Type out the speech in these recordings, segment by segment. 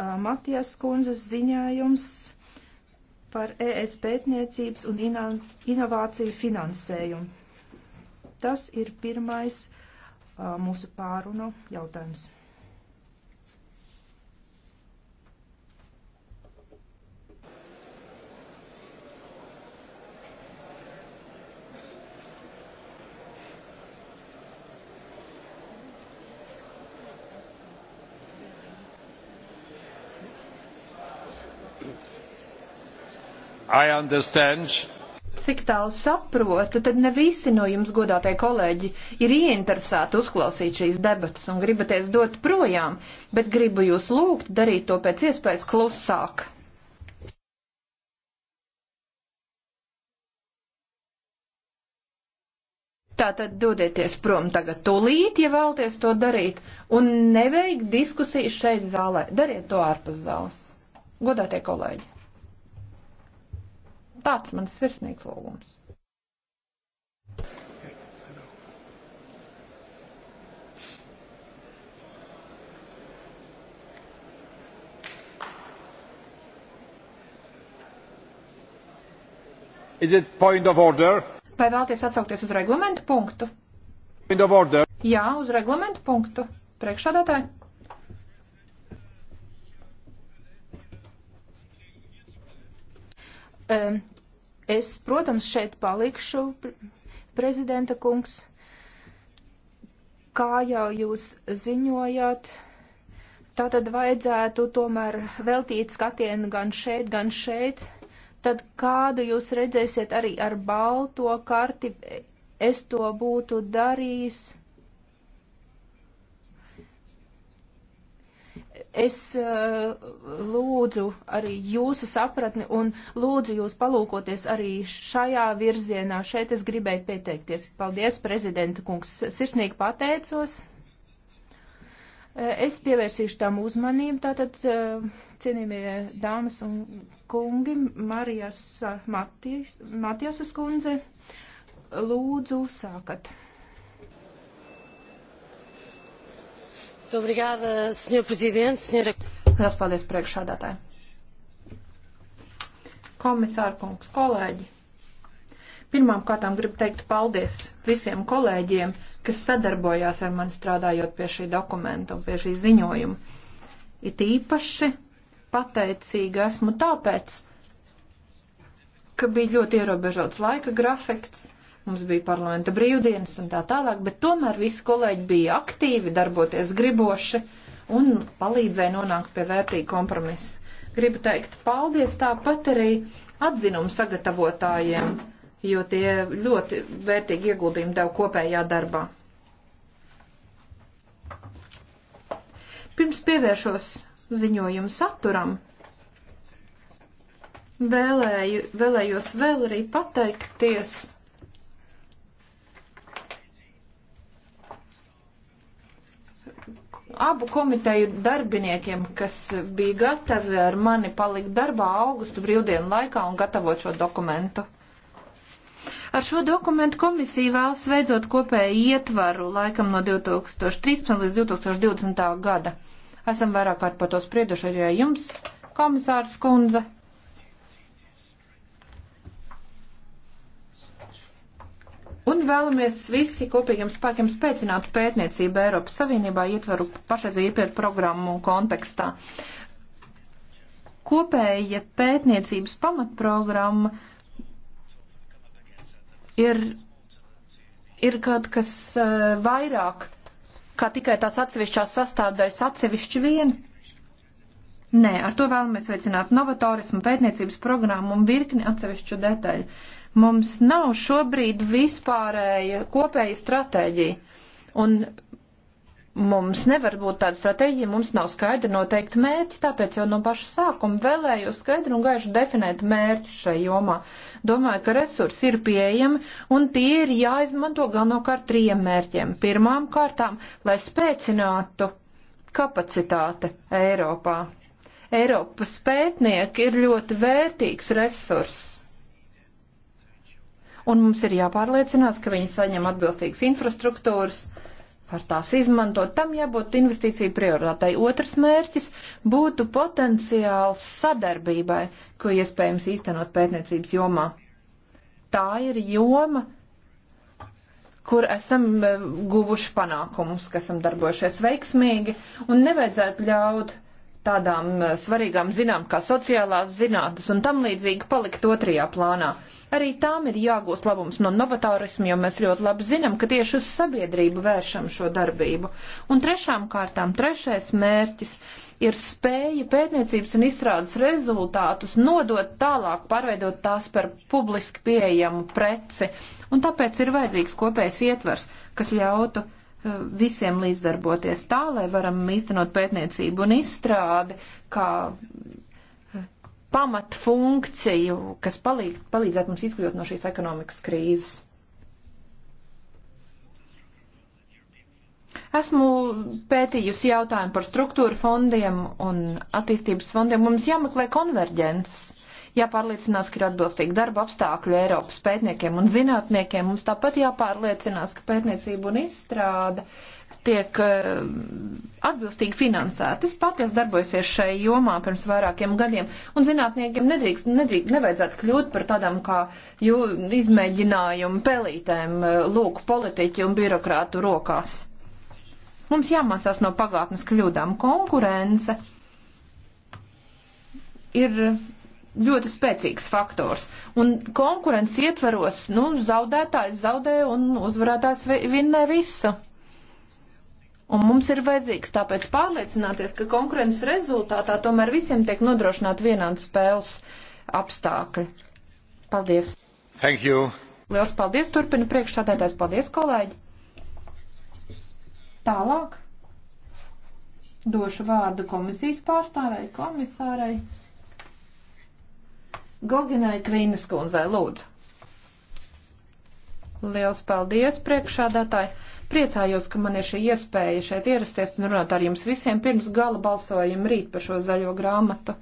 Uh, Matijas kundzes ziņājums par ES pētniecības un ino inovāciju finansējumu. Tas ir pirmais uh, mūsu pārunu jautājums. Cik tālu saprotu, tad ne visi no jums, godātie kolēģi, ir ieinteresēti uzklausīt šīs debatas un gribaties dot projām, bet gribu jūs lūgt darīt to pēc iespējas klusāk. Tātad dodieties prom tagad tūlīt, ja vēlties to darīt, un neveik diskusijas šeit zālē. Dariet to ārpus zāles. Godātie kolēģi! Tāds mans sirsnīgs lūgums. Vai vēlaties atsaukties uz reglamentu punktu? Jā, uz reglamentu punktu. Priekšādātāji. Es, protams, šeit palikšu, prezidenta kungs. Kā jau jūs ziņojāt, tā tad vajadzētu tomēr veltīt skatienu gan šeit, gan šeit. Tad kādu jūs redzēsiet arī ar balto karti, es to būtu darījis Es uh, lūdzu arī jūsu sapratni un lūdzu jūs palūkoties arī šajā virzienā. Šeit es gribēju pieteikties. Paldies, prezidenta kungs. Sirsnīgi pateicos. Eh, es pievērsīšu tam uzmanību. Tātad, eh, cienījamie dāmas un kungi, Marijas Matijas, Matijasas kundze, lūdzu sākat. Obrigada, senhor presidente, senhora. Lielas paldies priekšādātāji. Komisāra kungs, kolēģi. Pirmām kārtām gribu teikt paldies visiem kolēģiem, kas sadarbojās ar mani strādājot pie šī dokumenta un pie šī ziņojuma. It īpaši pateicīga esmu tāpēc, ka bija ļoti ierobežots laika grafiks mums bija parlamenta brīvdienas un tā tālāk, bet tomēr visi kolēģi bija aktīvi, darboties griboši un palīdzēja nonākt pie vērtīga kompromisa. Gribu teikt paldies tāpat arī atzinumu sagatavotājiem, jo tie ļoti vērtīgi ieguldījumi deva kopējā darbā. Pirms pievēršos ziņojumu saturam, vēlēju, vēlējos vēl arī pateikties abu komiteju darbiniekiem, kas bija gatavi ar mani palikt darbā augustu brīvdienu laikā un gatavot šo dokumentu. Ar šo dokumentu komisija vēlas veidot kopēju ietvaru laikam no 2013 līdz 2020. gada. Esam vairāk kārt par to sprieduši arī jums, komisārs Kunze. Un vēlamies visi kopīgiem spēkiem spēcināt pētniecību Eiropas Savienībā ietveru pašreizēju ietveru programmu kontekstā. Kopēja pētniecības pamatprogramma ir, ir kaut kas uh, vairāk, kā tikai tās atsevišķās sastāvdaļas atsevišķi vien. Nē, ar to vēlamies veicināt novatorismu, pētniecības programmu un virkni atsevišķu detaļu. Uh, Mums nav šobrīd vispārēja kopēja stratēģija. Un mums nevar būt tāda stratēģija, mums nav skaidri noteikti mērķi, tāpēc jau no paša sākuma vēlēju skaidri un gaiši definēt mērķi šai jomā. Domāju, ka resursi ir pieejami un tie ir jāizmanto galvenokārt trījiem mērķiem. Pirmām kārtām, lai spēcinātu kapacitāte Eiropā. Eiropas pētnieki ir ļoti vērtīgs resurss un mums ir jāpārliecinās, ka viņi saņem atbilstīgas infrastruktūras, var tās izmantot. Tam jābūt investīciju prioritātei. Otrs mērķis būtu potenciāls sadarbībai, ko iespējams īstenot pētniecības jomā. Tā ir joma, kur esam e, guvuši panākumus, ka esam darbojušies veiksmīgi un nevajadzētu ļaut tādām eh, svarīgām zinām kā sociālās zinātnes un tam līdzīgi palikt otrajā plānā. Arī tām ir jāgūst labums no novatorismu, jo mēs ļoti labi zinām, ka tieši uz sabiedrību vēršam šo darbību. Un trešām kārtām, trešais mērķis ir spēja pētniecības un izstrādes rezultātus nodot tālāk, pārveidot tās par publiski pieejamu preci. Un tāpēc ir vajadzīgs kopējs ietvers, kas ļautu visiem līdzdarboties tā, lai varam īstenot pētniecību un izstrādi kā eh, pamatfunkciju, kas palīd, palīdzētu mums izkļūt no šīs ekonomikas krīzes. Esmu pētījusi jautājumu par struktūra fondiem un attīstības fondiem. Mums jāmeklē konverģences jāpārliecinās, ka ir atbilstīgi darba apstākļi Eiropas pētniekiem un zinātniekiem. Mums tāpat jāpārliecinās, ka pētniecība un izstrāde tiek eh, atbilstīgi finansēta. Es pati esmu darbojusies šai jomā pirms vairākiem gadiem, un zinātniekiem nedrīkst, nedrīkst, nevajadzētu kļūt par tādām kā jū, izmēģinājumu pelītēm eh, lūk politiķu un birokrātu rokās. Mums jāmācās no pagātnes kļūdām konkurence ir ļoti spēcīgs faktors. Un konkurences ietvaros, nu, zaudētājs zaudē un uzvarētājs vinnē visu. Un mums ir vajadzīgs tāpēc pārliecināties, ka konkurences rezultātā tomēr visiem tiek nodrošināt vienādi spēles apstākļi. Paldies! Thank you! Liels paldies! Turpina priekšstādētājs. Paldies, kolēģi! Tālāk došu vārdu komisijas pārstāvēji, komisārai. Goginai Kvīnas kundzei, lūdzu. Liels paldies, priekšādātāji! Priecājos, ka man ir šī iespēja šeit ierasties un runāt ar jums visiem pirms gala balsojuma rīt par šo zaļo grāmatu.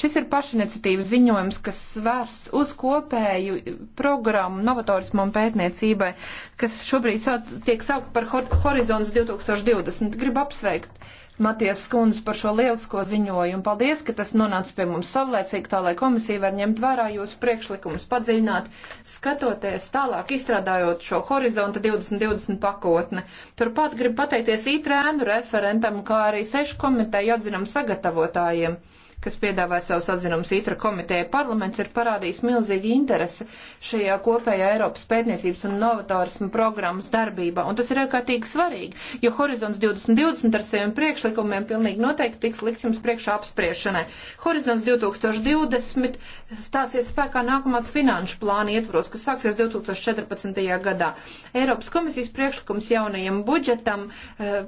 Šis ir pašiniciatīvas ziņojums, kas svērsts uz kopēju programmu novatorismu un pētniecībai, kas šobrīd tiek saukt par Horizons 2020. Gribu apsveikt Maties skundz par šo lielisko ziņojumu. Paldies, ka tas nonāca pie mums savlaicīgi, tā lai komisija var ņemt vērā jūsu priekšlikumus, padziļināt, skatoties tālāk, izstrādājot šo horizonta 2020 pakotni. Turpat gribu pateikties ītrēnu referentam, kā arī sešu komiteju atzinam sagatavotājiem kas piedāvāja savus atzinumus ITRA komiteja. Parlaments ir parādījis milzīgi interesi šajā kopējā Eiropas pētniecības un novatorismu programmas darbībā, un tas ir ārkārtīgi svarīgi, jo Horizons 2020 ar saviem priekšlikumiem pilnīgi noteikti tiks likt jums priekšā apspriešanai. Horizons 2020 stāsies spēkā nākamās finanšu plāna ietvaros, kas sāksies 2014. gadā. Eiropas komisijas priekšlikums jaunajam budžetam eh,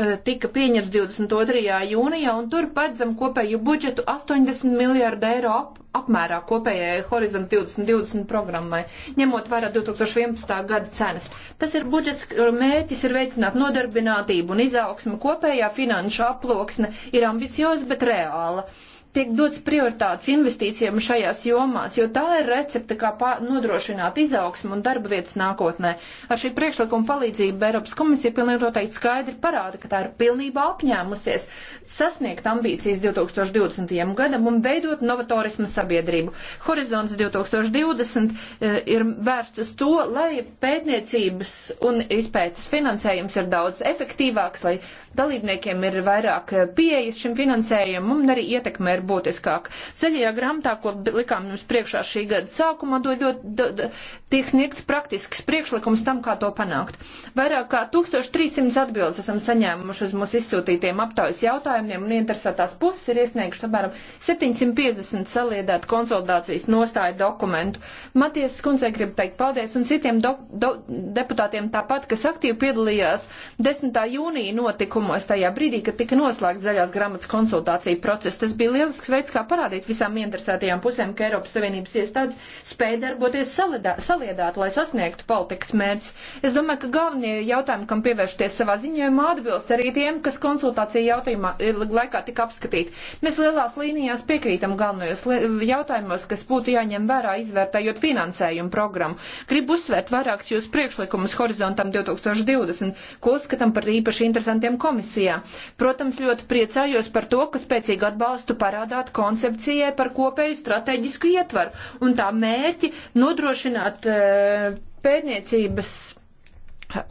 Eh, tika pieņemts 22. jūnijā, un tur paredzam kopēju budžetu 80 miljārdu eiro ap, apmērā kopējai Horizont 2020 programmai, ņemot vērā 2011. gada cenas. Tas ir budžets, mērķis ir veicināt nodarbinātību un izaugsmu. Kopējā finanšu aploksne ir ambicioza, bet reāla. Uh, tiek dots prioritātes investīcijām šajās jomās, jo tā ir recepte, kā nodrošināt izaugsmu un darba vietas nākotnē. Ar šī priekšlikuma palīdzību Eiropas komisija pilnīgi noteikti skaidri parāda, ka tā ir pilnībā apņēmusies sasniegt ambīcijas 2020. gadam un veidot novatorismu sabiedrību. Horizons 2020 eh, ir vērsts uz to, lai pētniecības un izpētes finansējums ir daudz efektīvāks, lai dalībniekiem ir vairāk eh, pieejas šim finansējumam un arī ietekmē ir būtiskāk. Zaļajā grāmatā, ko likām jums priekšā šī gada sākumā, dod ļoti, do, do, tiek sniegts praktisks priekšlikums tam, kā to panākt. Vairāk kā 1300 atbildes esam saņēmuši uz mūsu izsūtītiem aptaujas jautājumiem, un interesētās puses ir iesniegšas apmēram 750 saliedētu konsultācijas nostāju dokumentu. Maties Skundzei grib teikt paldies, un citiem do, do, deputātiem tāpat, kas aktīvi piedalījās 10. jūnija notikumos tajā brīdī, kad tika noslēgts zaļās grāmatas konsultācija process. Tas bija liels lielisks veids, kā parādīt visām interesētajām pusēm, ka Eiropas Savienības iestādes spēj darboties saliedāt, lai sasniegtu politikas mērķus. Es domāju, ka galvenie jautājumi, kam pievēršties savā ziņojumā, atbilst arī tiem, kas konsultācija jautājumā eh, laikā tika apskatīti. Mēs lielās līnijās piekrītam galvenajos jautājumos, kas būtu jāņem vērā izvērtējot finansējumu programmu. Gribu uzsvērt vairākus jūs priekšlikumus horizontam 2020, ko uzskatām par īpaši interesantiem komisijā. Protams, ļoti priecājos par to, ka spēcīgu atbalstu parādīja strādāt koncepcijai par kopēju strateģisku ietvaru un tā mērķi nodrošināt eh, pētniecības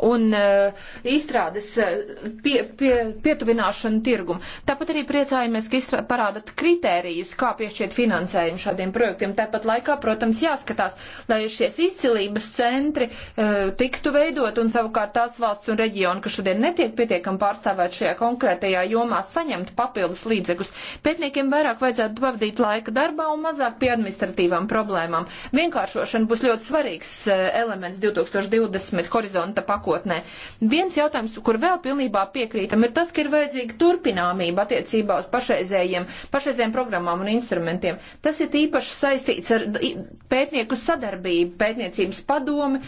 un uh, izstrādes eh, pie, pie, pietuvināšanu tirgumu. Tāpat arī priecājamies, ka izstrā, parādat kritērijas, kā piešķiet finansējumu šādiem projektiem. Tāpat laikā, protams, jāskatās, lai šies izcilības centri uh, tiktu veidot un savukārt tās valsts un reģioni, kas šodien netiek pietiekam pārstāvēt šajā konkrētajā jomā, saņemt papildus līdzekļus. Pētniekiem vairāk vajadzētu pavadīt laika darbā un mazāk pie administratīvām problēmām. Vienkāršošana būs ļoti svarīgs uh, elements 2020 horizonta pakotnē. Viens jautājums, kur vēl pilnībā piekrītam, ir tas, ka ir vajadzīga turpināmība attiecībā uz pašreizējiem, pašreizējiem programmām un instrumentiem. Tas ir īpaši saistīts ar pētnieku sadarbību, pētniecības padomi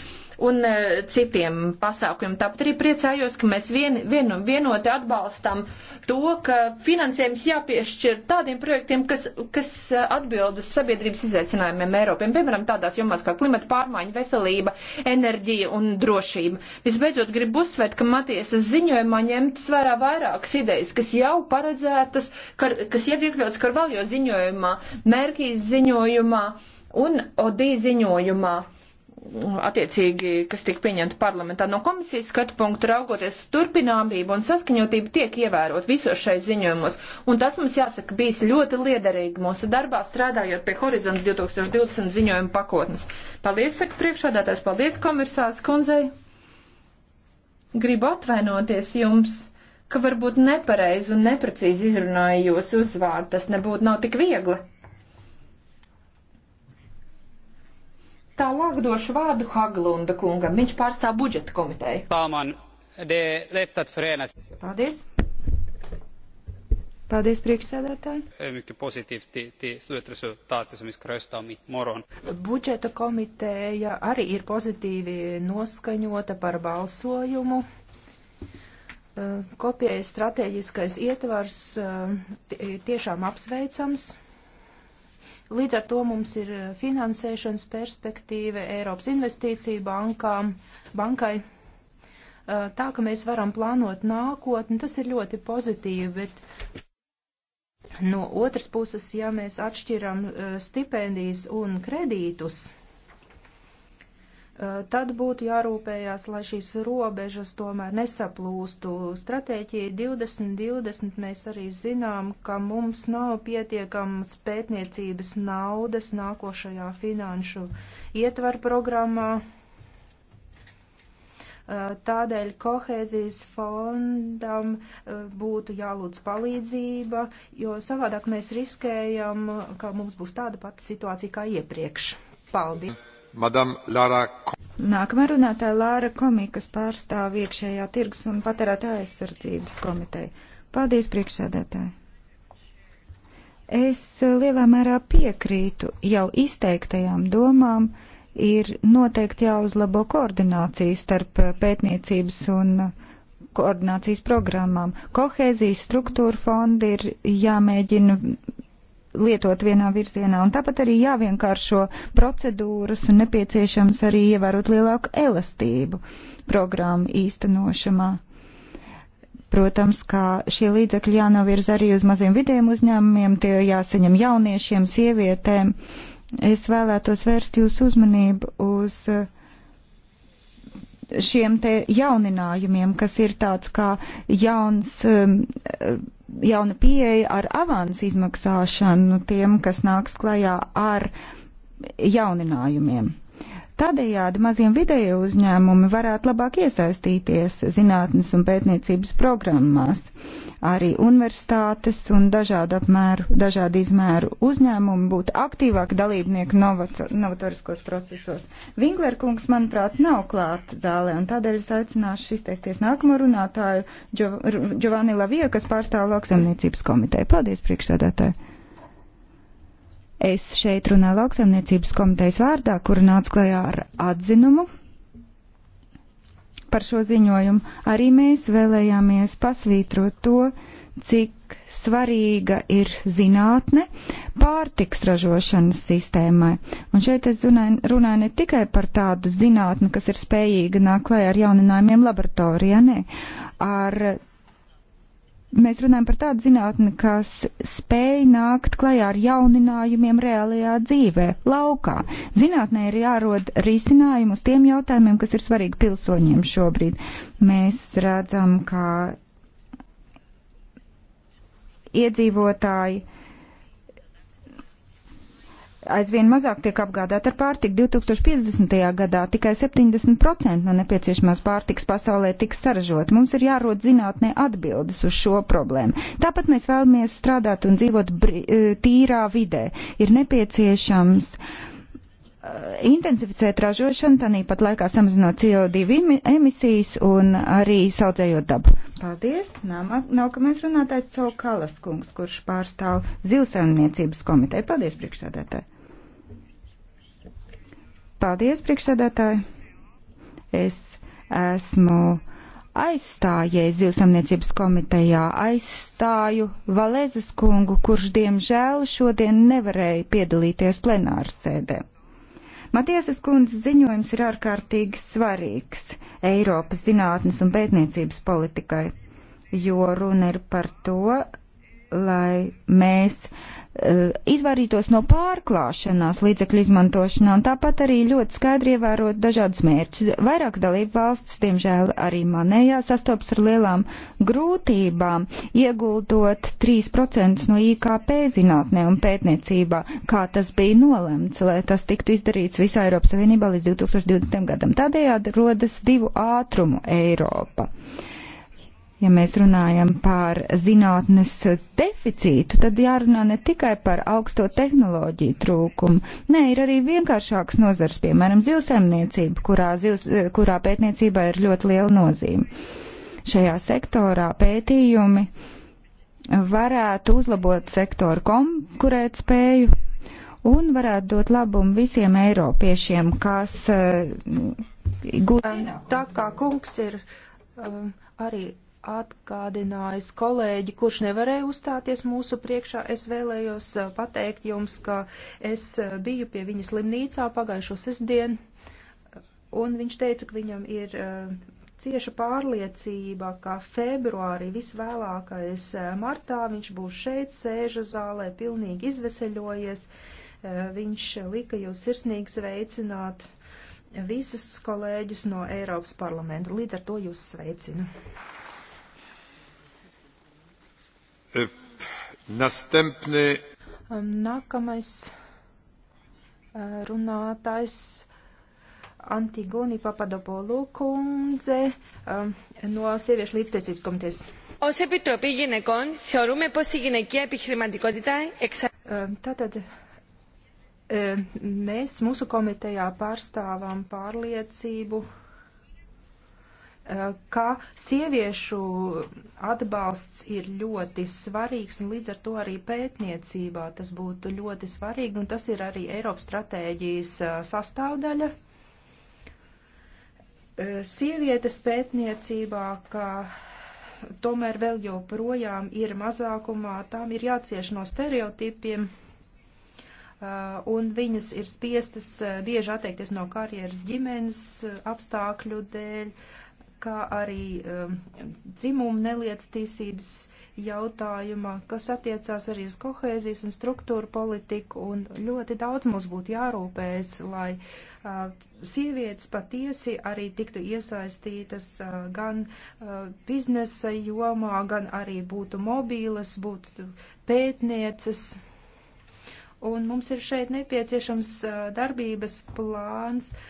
un e, citiem pasākumiem. Tāpat arī priecājos, ka mēs vien, vien, vienoti atbalstam to, ka finansējums jāpiešķir tādiem projektiem, kas, kas atbild uz sabiedrības izaicinājumiem Eiropiem, piemēram, tādās jomās kā klimata pārmaiņa, veselība, enerģija un drošība. Visbeidzot, gribu uzsvērt, ka Matiesas ziņojumā ņemtas vērā vairākas idejas, kas jau paredzētas, kar, kas jau iekļauts Karvaljo ziņojumā, Merkijas ziņojumā un Odī ziņojumā attiecīgi, kas tika pieņemta parlamentā. No komisijas skatu punktu raugoties, turpināmība un saskaņotība tiek ievērot visos šai ziņojumos. Un tas mums jāsaka bijis ļoti liederīgi mūsu darbā strādājot pie Horizons 2020 ziņojuma pakotnes. Paldies, saka priekšādātājs, paldies komisārs kundzei. Gribu atvainoties jums, ka varbūt nepareizi un neprecīzi izrunāju jūsu uzvārdu. Tas nebūtu nav tik viegli. Tālāk došu vārdu Haglunda kungam. Viņš pārstāv budžeta komiteju. Tāman, de letat frēnas. Paldies. Paldies, priekšsēdētāji. Eh, budžeta komiteja arī ir pozitīvi noskaņota par balsojumu. Eh, kopējais strateģiskais ietvars eh, tiešām apsveicams Līdz ar to mums ir eh, finansēšanas perspektīva Eiropas investīcija bankām, bankai. Eh, tā, ka mēs varam plānot nākotni, tas ir ļoti pozitīvi, bet No otras puses, ja mēs atšķiram eh, stipendijas un kredītus, Eh, tad būtu jārūpējās, lai šīs robežas tomēr nesaplūstu. Stratēģija 2020 mēs arī zinām, ka mums nav pietiekams pētniecības naudas nākošajā finanšu ietvaru programmā. Eh, tādēļ kohēzijas fondam eh, būtu jālūdz palīdzība, jo savādāk mēs riskējam, ka mums būs tāda pati situācija kā iepriekš. Paldies! Lara... Nākamā runātāja Lāra Komī, kas pārstāv iekšējā tirgus un patērētāja aizsardzības komiteju. Paldies, priekšsēdētāji! Es eh, lielā mērā piekrītu jau izteiktajām domām, ir noteikti jāuzlabo koordinācija starp eh, pētniecības un eh, koordinācijas programmām. Kohēzijas struktūra fondi ir jāmēģina lietot vienā virzienā. Un tāpat arī jāvienkāršo procedūras un nepieciešams arī ievērot lielāku elastību programmu īstenošanā. Protams, ka šie līdzekļi jānovirza arī uz maziem vidiem uzņēmumiem, tie jāsaņem jauniešiem, sievietēm. Es vēlētos vērst jūsu uzmanību uz uh, šiem te jauninājumiem, kas ir tāds kā jauns. Um, uh, jauna pieeja ar avans izmaksāšanu tiem, kas nāks klajā ar jauninājumiem. Tādējādi maziem vidēju uzņēmumi varētu labāk iesaistīties zinātnes un pētniecības programmās. Arī universitātes un dažādu apmēru, dažādu izmēru uzņēmumi būtu aktīvāki dalībnieki novatoriskos procesos. Vingler kungs, manuprāt, nav klāt zālē, un tādēļ es aicināšu izteikties nākamo runātāju Giovanni Lavija, kas pārstāv lauksaimniecības komiteju. Paldies, priekšsēdētāji! Es šeit runāju lauksaimniecības komitejas vārdā, kura nāca klajā ar atzinumu par šo ziņojumu. Arī mēs vēlējāmies pasvītrot to, cik svarīga ir zinātne pārtiks ražošanas sistēmai. Un šeit es runāju, runāju ne tikai par tādu zinātni, kas ir spējīga nāk klajā ar jauninājumiem laboratorijā, nē, ar Mēs runājam par tādu zinātni, kas spēj nākt klajā ar jauninājumiem reālajā dzīvē, laukā. Zinātnē ir jārod risinājumu uz tiem jautājumiem, kas ir svarīgi pilsoņiem šobrīd. Mēs redzam, ka iedzīvotāji aizvien mazāk tiek apgādāta ar pārtiku. 2050. gadā tikai 70% no nepieciešamās pārtikas pasaulē tiks saražot. Mums ir jārod zinātnē atbildes uz šo problēmu. Tāpat mēs vēlamies strādāt un dzīvot tīrā vidē. Ir nepieciešams uh, Uh, intensificēt ražošanu, tāpat laikā samazinot CO2 emisijas un arī saudzējot dabu. Paldies! Nākamais runātājs Cau Kalas kungs, kurš pārstāv Zilsaimniecības komiteju. Paldies, priekšsēdētāji! Paldies, priekšsēdētāji! Es esmu aizstājies Zivsamniecības komitejā, aizstāju Valēzes kungu, kurš diemžēl šodien nevarēja piedalīties plenāru sēdē. Matiesas kundzes ziņojums ir ārkārtīgi svarīgs Eiropas zinātnes un pētniecības politikai, jo runa ir par to, lai mēs eh, izvairītos no pārklāšanās līdzekļu izmantošanā un tāpat arī ļoti skaidri ievērot dažādus mērķus. Vairākas dalību valsts, diemžēl arī manējā, sastopas ar lielām grūtībām ieguldot 3% no IKP zinātnē un pētniecībā, kā tas bija nolemts, lai tas tiktu izdarīts visā Eiropas Savienībā līdz 2020. gadam. Tādējādi rodas divu ātrumu Eiropa Ja mēs runājam par zinātnes deficītu, tad jārunā ne tikai par augsto tehnoloģiju trūkumu. Nē, ir arī vienkāršāks nozars, piemēram, zivsaimniecība, kurā, zivs, kurā pētniecībā ir ļoti liela nozīme. Šajā sektorā pētījumi varētu uzlabot sektoru konkurētspēju un varētu dot labumu visiem eiropiešiem, kas uh, gūst. Tā kā kungs ir uh, arī atgādinājis kolēģi, kurš nevarēja uzstāties mūsu priekšā. Es vēlējos uh, pateikt jums, ka es uh, biju pie viņa slimnīcā pagājušo sestdienu, un viņš teica, ka viņam ir uh, cieša pārliecība, ka februārī visvēlākais martā viņš būs šeit, sēža zālē, pilnīgi izveseļojies. Viņš lika jūs sirsnīgi sveicināt visus kolēģus no Eiropas parlamenta. Līdz ar to jūs sveicinu. Nastempni. Nākamais e, runātājs Antigoni Papadopolu kundze e, no Sieviešu līdztiesības komitejas. Ως Επιτροπή Γυναικών θεωρούμε πως η γυναική επιχειρηματικότητα εξα... Tātad mēs mūsu komitejā pārstāvām pārliecību, ka sieviešu atbalsts ir ļoti svarīgs un līdz ar to arī pētniecībā tas būtu ļoti svarīgi un tas ir arī Eiropas stratēģijas sastāvdaļa. Sievietes pētniecībā, kā tomēr vēl joprojām ir mazākumā, tām ir jācieš no stereotipiem un viņas ir spiestas bieži atteikties no karjeras ģimenes apstākļu dēļ kā arī um, dzimumu neliettīsības jautājumā, kas attiecās arī uz kohēzijas un struktūru politiku, un ļoti daudz mums būtu jārūpējas, lai uh, sievietes patiesi arī tiktu iesaistītas uh, gan uh, biznesa jomā, gan arī būtu mobīlas, būtu pētnieces. Un mums ir šeit nepieciešams uh, darbības plāns. Uh,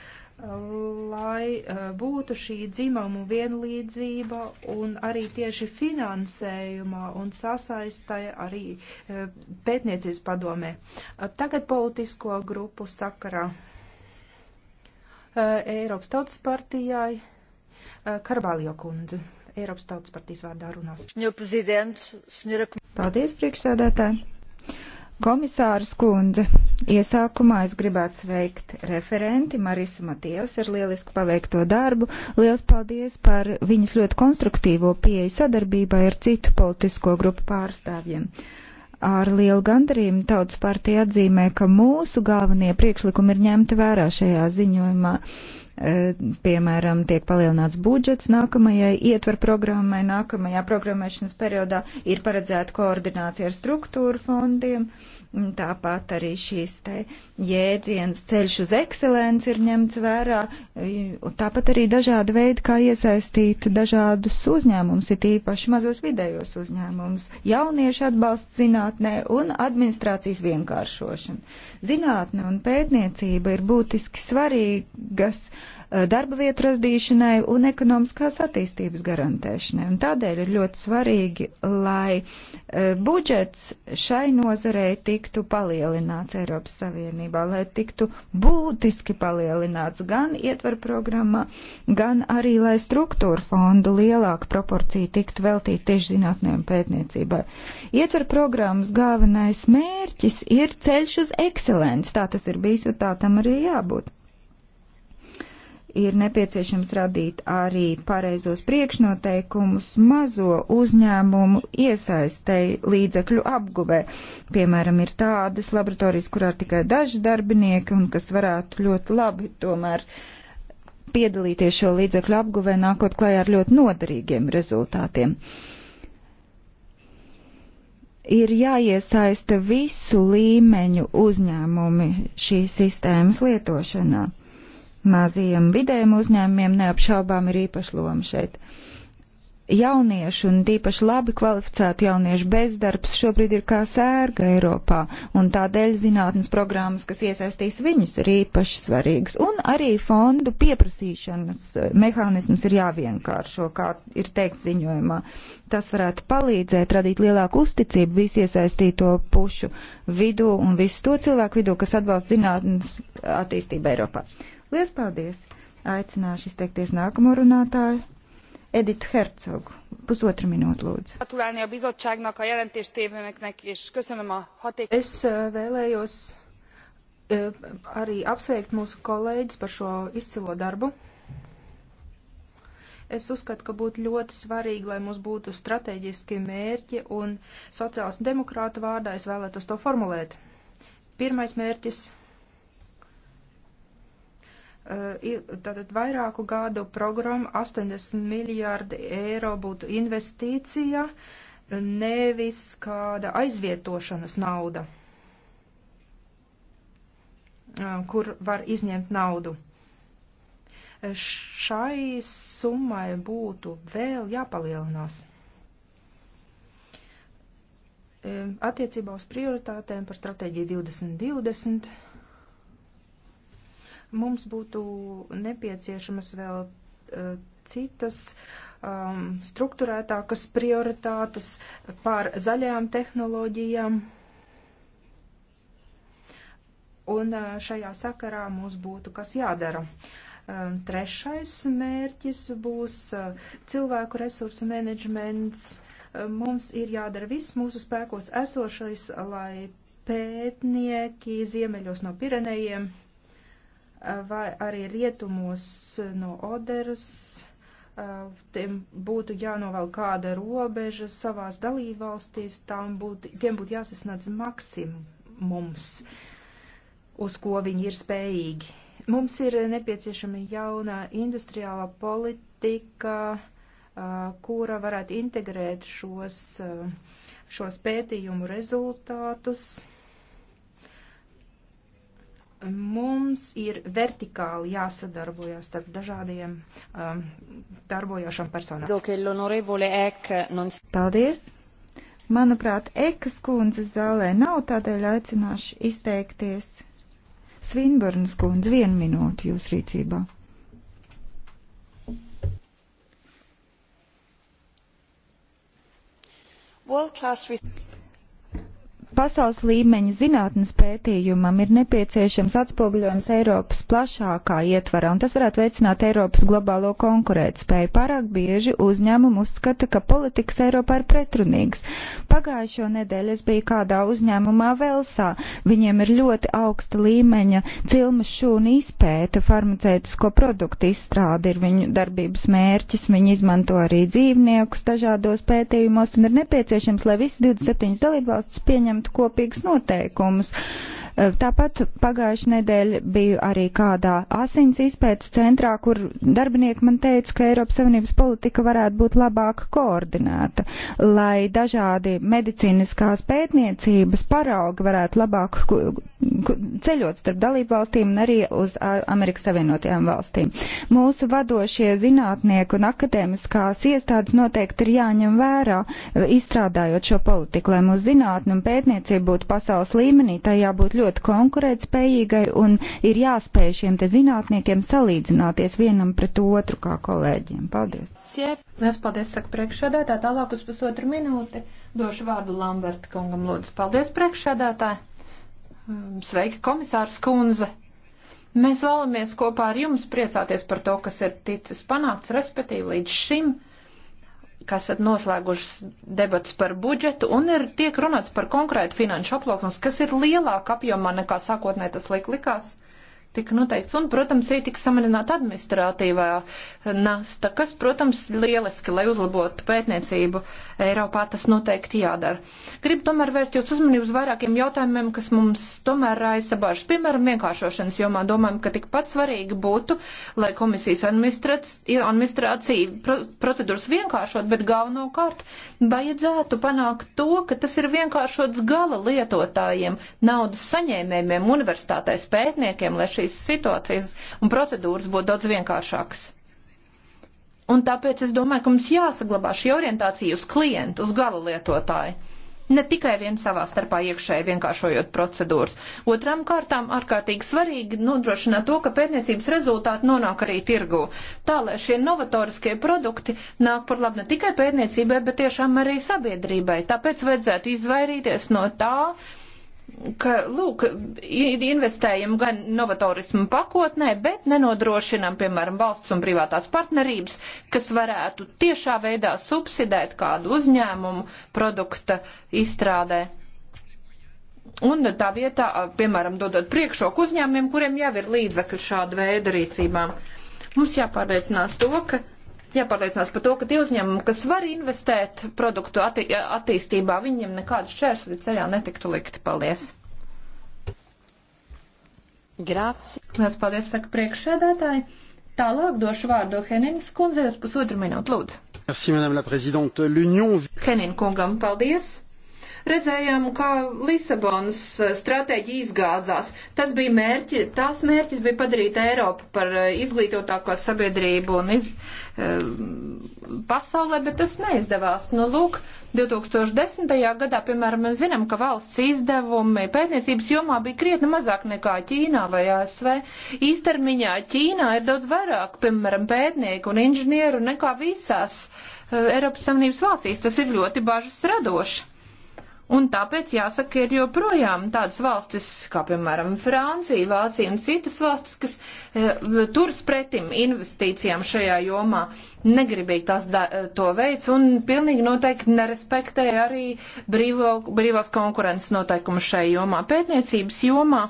lai eh, būtu šī dzimumu vienlīdzība un arī tieši finansējumā un sasaistai arī eh, pētniecības padomē. Eh, tagad politisko grupu sakarā Eiropas Tautas partijai Karvaljo kundze. Eiropas Tautas partijas vārdā runās. Paldies, priekšsēdētāji! Komisāras kundze, iesākumā es gribētu sveikt referenti Marisu Matievs ar lieliski paveikto darbu. Liels paldies par viņas ļoti konstruktīvo pieeju sadarbībai ar citu politisko grupu pārstāvjiem. Ar lielu gandarījumu tautas partija atzīmē, ka mūsu galvenie priekšlikumi ir ņemti vērā šajā ziņojumā. Uh, Eh, piemēram, tiek palielināts budžets nākamajai ietver programmai, nākamajā programmēšanas periodā ir paredzēta koordinācija ar struktūru fondiem. Uh, Tāpat arī šīs te jēdzienas ceļš uz ekscelenci ir ņemts vērā, tāpat arī dažādi veidi, kā iesaistīt dažādus uzņēmumus, ir tīpaši mazos vidējos uzņēmumus, jauniešu atbalsts zinātnē un administrācijas vienkāršošana. Zinātne un pētniecība ir būtiski svarīgas. Uh, Eh, darba vietu radīšanai un ekonomiskās attīstības garantēšanai. Un tādēļ ir ļoti svarīgi, lai eh, budžets šai nozarei tiktu palielināts Eiropas Savienībā, lai tiktu būtiski palielināts gan ietver programmā, gan arī, lai struktūra fondu lielāka proporcija tiktu veltīta tieši zinātnē un pētniecībai. Ietver programmas galvenais mērķis ir ceļš uz ekscelenci. Tā tas ir bijis un tā tam arī jābūt ir nepieciešams radīt arī pareizos priekšnoteikumus mazo uzņēmumu iesaistei līdzekļu apguvē. Piemēram, ir tādas laboratorijas, kurā ir tikai daži darbinieki un kas varētu ļoti labi tomēr piedalīties šo līdzekļu apguvē, nākot klajā ar ļoti noderīgiem rezultātiem ir jāiesaista visu līmeņu uzņēmumi šīs sistēmas lietošanā. Mazajiem vidējiem uzņēmumiem neapšaubām ir īpaša loma šeit. Jaunieši un tīpaši labi kvalificēti jauniešu bezdarbs šobrīd ir kā sērga Eiropā, un tādēļ zinātnes programmas, kas iesaistīs viņus, ir īpaši svarīgas. Un arī fondu pieprasīšanas eh, mehānisms ir jāvienkāršo, kā ir teikt ziņojumā. Tas varētu palīdzēt radīt lielāku uzticību visu iesaistīto pušu vidū un visu to cilvēku vidū, kas atbalsta zinātnes attīstību Eiropā. Lielas paldies! Aicināšu izteikties nākamo runātāju. Edita Hercogu. Pusotru minūtu lūdzu. Gratulálni a bizottságnak, a jelentéstévőnöknek, és köszönöm a haték... Es vēlējos arī apsveikt mūsu kolēģis par šo izcilo darbu. Es uzskatu, ka būtu ļoti svarīgi, lai mums būtu strateģiski mērķi un sociāls demokrāta vārdā es vēlētos to formulēt. Pirmais mērķis Eh, tātad vairāku gadu programmu 80 miljārdi eiro būtu investīcija, nevis kāda aizvietošanas nauda, eh, kur var izņemt naudu. Eh, šai summai būtu vēl jāpalielinās. Attiecībā uz prioritātēm par stratēģiju 2020 Mums būtu nepieciešamas vēl uh, citas um, struktūrētākas prioritātes pār zaļajām tehnoloģijām. Un uh, šajā sakarā mums būtu kas jādara. Um, trešais mērķis būs uh, cilvēku resursu menedžments. Mums ir jādara viss mūsu spēkos esošais, lai pētnieki ziemeļos no Pirenejiem uh, vai arī rietumos no Oderas. Tiem būtu jānovēl kāda robeža savās dalībvalstīs, būtu, tiem būtu jāsasniedz maksimums, uz ko viņi ir spējīgi. Mums ir nepieciešama jauna industriālā politika, kura varētu integrēt šos, šos pētījumu rezultātus mums ir vertikāli jāsadarbojas starp dažādiem um, darbojošiem personām. Paldies! Manuprāt, Ekas kundze zālē nav, tādēļ aicināšu izteikties. Svinburnas kundze, vienu minūti jūs rīcībā. World class research pasaules līmeņa zinātnes pētījumam ir nepieciešams atspoguļojums Eiropas plašākā ietvarā, un tas varētu veicināt Eiropas globālo konkurētspēju. Pārāk bieži uzņēmumu uzskata, ka politikas Eiropā ir pretrunīgas. Pagājušo nedēļu es biju kādā uzņēmumā Velsā. Viņiem ir ļoti augsta līmeņa cilmas šūna izpēta, farmaceitisko produktu izstrāde ir viņu darbības mērķis, viņi izmanto arī dzīvniekus dažādos pētījumos, un ir nepieciešams, lai visi 27 dalībvalstis pieņem pieņemt kopīgus noteikumus. Uh, Tāpat pagājuši nedēļa biju arī kādā asins izpētes centrā, kur darbinieki man teica, ka Eiropas Savienības politika varētu būt labāk koordinēta, lai dažādi medicīniskās pētniecības paraugi varētu labāk ceļot starp dalību valstīm un arī uz Amerikas Savienotajām valstīm. Mūsu vadošie zinātnieki un akadēmiskās iestādes noteikti ir jāņem vērā, izstrādājot šo politiku, lai mūsu zinātne un pētniecība būtu pasaules līmenī, tai jābūt ļoti jābūt konkurētspējīgai un ir jāspēj šiem te zinātniekiem salīdzināties vienam pret otru kā kolēģiem. Paldies! Lielas paldies, saka priekšsēdētā. Tālāk uz pusotru minūti došu vārdu Lamberta kungam. Lūdzu, paldies priekšsēdētāji! Ehm, sveiki, komisārs Kunze! Mēs vēlamies kopā ar jums priecāties par to, kas ir ticis panākts, respektīvi līdz šim kas esat noslēgušas debats par budžetu un ir tiek runāts par konkrētu finanšu aploksnes, kas ir lielāk apjomā nekā sākotnē tas lik likās tika noteikts. Un, protams, arī tika samarināta administratīvā nasta, kas, protams, lieliski, lai uzlabotu pētniecību Eiropā, tas noteikti jādara. Gribu tomēr vērst jūs uzmanību uz vairākiem jautājumiem, kas mums tomēr raisa bažas. Piemēram, vienkāršošanas jomā domājam, ka tikpat svarīgi būtu, lai komisijas administrācija procedūras vienkāršot, bet galvenokārt vajadzētu panākt to, ka tas ir vienkāršots gala lietotājiem, naudas saņēmējiem, universitātēs, pētniekiem, lai šī šīs situācijas un procedūras būtu daudz vienkāršākas. Un tāpēc es domāju, ka mums jāsaglabā šī orientācija uz klientu, uz gala lietotāju. Ne tikai vien savā starpā iekšēji vienkāršojot procedūras. Otram kārtām ārkārtīgi svarīgi nodrošināt to, ka pētniecības rezultāti nonāk arī tirgu. Tā, lai šie novatoriskie produkti nāk par labu ne tikai pētniecībai, bet tiešām arī sabiedrībai. Tāpēc vajadzētu izvairīties no tā, ka, lūk, investējam gan novatorismu pakotnē, bet nenodrošinam, piemēram, valsts un privātās partnerības, kas varētu tiešā veidā subsidēt kādu uzņēmumu produkta izstrādē. Un tā vietā, piemēram, dodot priekšroku uzņēmumiem, kuriem jau ir līdzekļi šāda veida rīcībām. Mums jāpārliecinās to, ka jāpārliecinās par to, ka tie uzņēmumi, kas var investēt produktu atti attīstībā, viņiem nekādas šķērsli ceļā netiktu likti. Paldies! Grāci. Mēs paldies, saka priekšsēdētāji. Tālāk došu vārdu Henings kundzei uz pusotru minūtu, lūdzu. Merci, madame la présidente. L'Union. Henin kungam, paldies. Redzējām, kā Lisabonas eh, stratēģija izgāzās. Tas bija mērķi, tās mērķis bija padarīt Eiropu par eh, izglītotāko sabiedrību un iz, e, pasaulē, bet tas neizdevās. Nu, lūk, 2010. gadā, piemēram, mēs zinām, ka valsts izdevumi pētniecības jomā bija krietni mazāk nekā Ķīnā vai ASV. Īstermiņā Ķīnā ir daudz vairāk, piemēram, pētnieku un inženieru nekā visās Eiropas Savienības valstīs. Tas ir ļoti bažas radoši. Un tāpēc jāsaka, ir joprojām tādas valstis, kā piemēram Francija, Vācija un citas valstis, kas e, turas pretim investīcijām šajā jomā, negribīgi tās da, eh, to veids un pilnīgi noteikti nerespektē arī brīvo, brīvās konkurences noteikumu šajā jomā, pētniecības jomā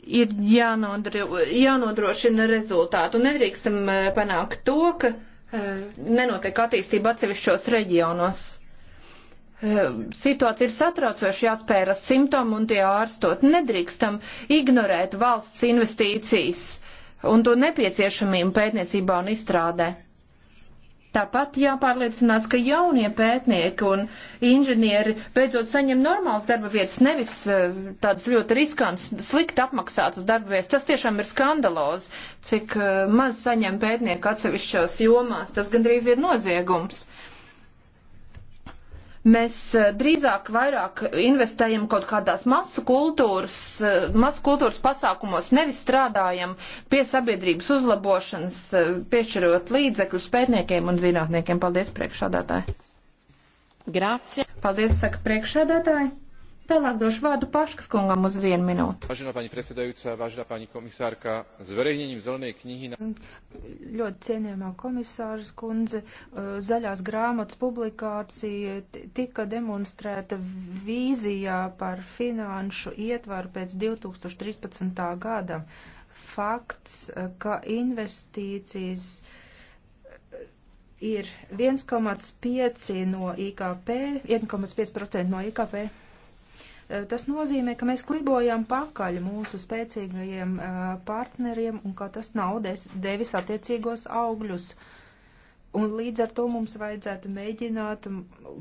ir jānodro, jānodrošina rezultātu. Nedrīkstam eh, panākt to, ka Eh, nenotiek attīstība atsevišķos reģionos. Eh, situācija ir satraucoša, jāspēra simptomu un tie ārstot. Nedrīkstam ignorēt valsts investīcijas un to nepieciešamību pētniecībā un izstrādē. Tāpat jāpārliecinās, ka jaunie pētnieki un inženieri beidzot saņem normālas darba vietas, nevis eh, tādas ļoti riskantas, slikti apmaksātas darba vietas. Tas tiešām ir skandalozi, cik eh, maz saņem pētnieki atsevišķās jomās. Tas gandrīz ir noziegums. Uh, Mēs eh, drīzāk vairāk investējam kaut kādās masu kultūras, eh, masu kultūras pasākumos, nevis strādājam pie sabiedrības uzlabošanas, eh, piešķirot līdzekļus pētniekiem un zinātniekiem. Paldies priekšādātāji! Grācija! Paldies, saka priekšādātāji! Tālāk došu vārdu Paškas kungam uz vienu minūtu. Vážená pani predsedajúca, vážená pani komisārka, zverejnením zelenej knihy... Na... Ļoti cienījumā komisārs kundze, eh, zaļās grāmatas publikācija tika demonstrēta vīzijā par finanšu ietvaru pēc 2013. gada. Fakts, eh, ka investīcijas eh, ir 1,5 no IKP, 1,5% no IKP Eh, tas nozīmē, ka mēs klibojam pakaļ mūsu spēcīgajiem eh, partneriem un ka tas nav devis attiecīgos augļus. Un līdz ar to mums vajadzētu mēģināt